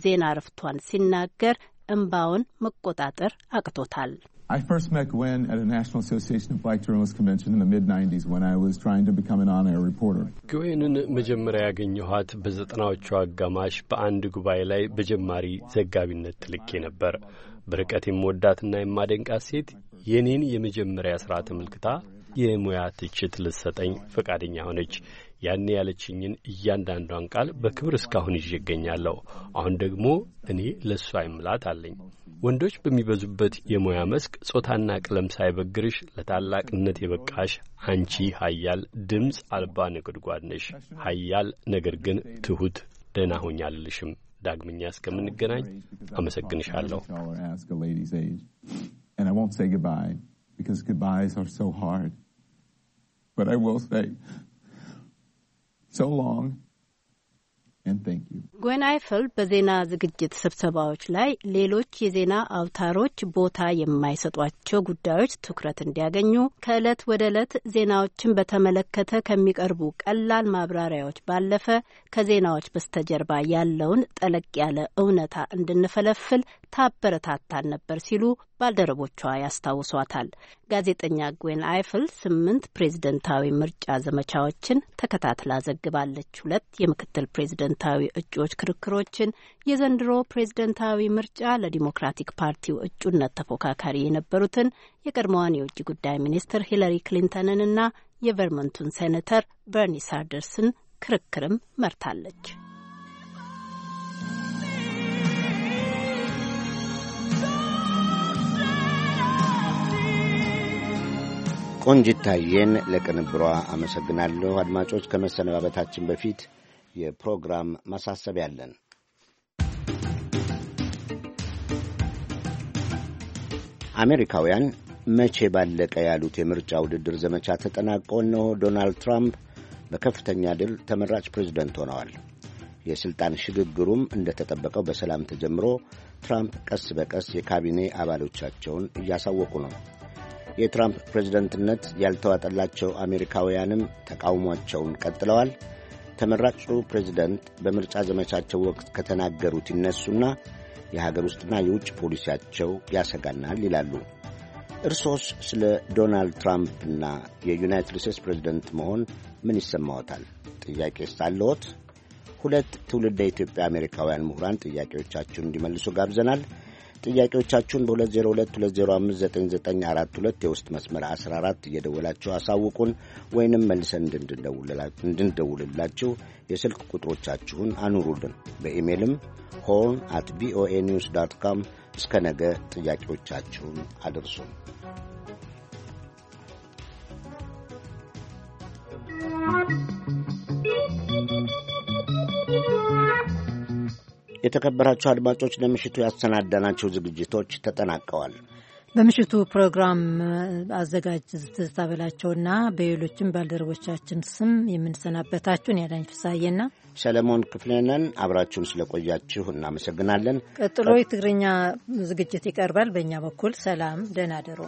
ዜና እረፍቷን ሲናገር እምባውን መቆጣጠር አቅቶታል። I first met Gwen at a National Association of Black Journalists convention in the mid 90s when I was trying to become an on air reporter. ግዌንን መጀመሪያ ያገኘኋት በዘጠናዎቹ አጋማሽ በአንድ ጉባኤ ላይ በጀማሪ ዘጋቢነት ትልኬ ነበር። በርቀት የምወዳትና የማደንቃት ሴት የኔን የመጀመሪያ ስራ ተመልክታ የሙያ ትችት ልትሰጠኝ ፈቃደኛ ሆነች። ያኔ ያለችኝን እያንዳንዷን ቃል በክብር እስካሁን ይዤ እገኛለሁ። አሁን ደግሞ እኔ ለእሷ ይምላት አለኝ። ወንዶች በሚበዙበት የሙያ መስክ ጾታና ቀለም ሳይበግርሽ ለታላቅነት የበቃሽ አንቺ ሀያል ድምፅ አልባ ነጎድጓድ ነሽ። ሀያል ነገር ግን ትሁት ደህና ሆኝ አልልሽም። ዳግመኛ እስከምንገናኝ አመሰግንሻለሁ። And I won't say goodbye because goodbyes are so hard. but I will say so long and thank በዜና ዝግጅት ስብሰባዎች ላይ ሌሎች የዜና አውታሮች ቦታ የማይሰጧቸው ጉዳዮች ትኩረት እንዲያገኙ ከእለት ወደ ዕለት ዜናዎችን በተመለከተ ከሚቀርቡ ቀላል ማብራሪያዎች ባለፈ ከዜናዎች በስተጀርባ ያለውን ጠለቅ ያለ እውነታ እንድንፈለፍል ታበረታታን ነበር ሲሉ ባልደረቦቿ ያስታውሷታል። ጋዜጠኛ ጉዌን አይፍል ስምንት ፕሬዝደንታዊ ምርጫ ዘመቻዎችን ተከታትላ ዘግባለች። ሁለት የምክትል ፕሬዝደንታዊ እጩዎች ክርክሮችን፣ የዘንድሮ ፕሬዝደንታዊ ምርጫ ለዲሞክራቲክ ፓርቲው እጩነት ተፎካካሪ የነበሩትን የቀድሞዋን የውጭ ጉዳይ ሚኒስትር ሂለሪ ክሊንተንንና የቨርመንቱን ሴኔተር በርኒ ሳንደርስን ክርክርም መርታለች። ቆንጅታዬን ለቅንብሯ አመሰግናለሁ። አድማጮች ከመሰነባበታችን በፊት የፕሮግራም ማሳሰቢያ አለን። አሜሪካውያን መቼ ባለቀ ያሉት የምርጫ ውድድር ዘመቻ ተጠናቆ እነሆ ዶናልድ ትራምፕ በከፍተኛ ድል ተመራጭ ፕሬዝደንት ሆነዋል። የሥልጣን ሽግግሩም እንደተጠበቀው በሰላም ተጀምሮ ትራምፕ ቀስ በቀስ የካቢኔ አባሎቻቸውን እያሳወቁ ነው። የትራምፕ ፕሬዝደንትነት ያልተዋጠላቸው አሜሪካውያንም ተቃውሟቸውን ቀጥለዋል። ተመራጩ ፕሬዝደንት በምርጫ ዘመቻቸው ወቅት ከተናገሩት ይነሱና የሀገር ውስጥና የውጭ ፖሊሲያቸው ያሰጋናል ይላሉ። እርሶስ ስለ ዶናልድ ትራምፕና የዩናይትድ ስቴትስ ፕሬዝደንት መሆን ምን ይሰማዎታል? ጥያቄስ አለዎት? ሁለት ትውልደ ኢትዮጵያ አሜሪካውያን ምሁራን ጥያቄዎቻችሁን እንዲመልሱ ጋብዘናል። ጥያቄዎቻችሁን በ2022059942 የውስጥ መስመር 14 እየደወላችሁ አሳውቁን ወይንም መልሰን እንድንደውልላችሁ የስልክ ቁጥሮቻችሁን አኑሩልን። በኢሜይልም ሆርን አት ቪኦኤ ኒውስ ዳት ካም እስከ ነገ ጥያቄዎቻችሁን አድርሱን። Thank you. የተከበራችሁ አድማጮች ለምሽቱ ያሰናዳናቸው ዝግጅቶች ተጠናቀዋል። በምሽቱ ፕሮግራም አዘጋጅ ትዝታ በላቸውና በሌሎችም ባልደረቦቻችን ስም የምንሰናበታችሁን ያዳኝ ፍሳዬና ሰለሞን ክፍሌነን አብራችሁን ስለቆያችሁ እናመሰግናለን። ቀጥሎ የትግርኛ ዝግጅት ይቀርባል። በእኛ በኩል ሰላም፣ ደህና ደሮ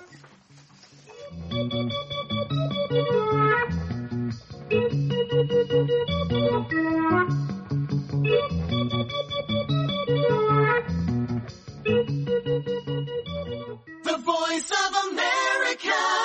America.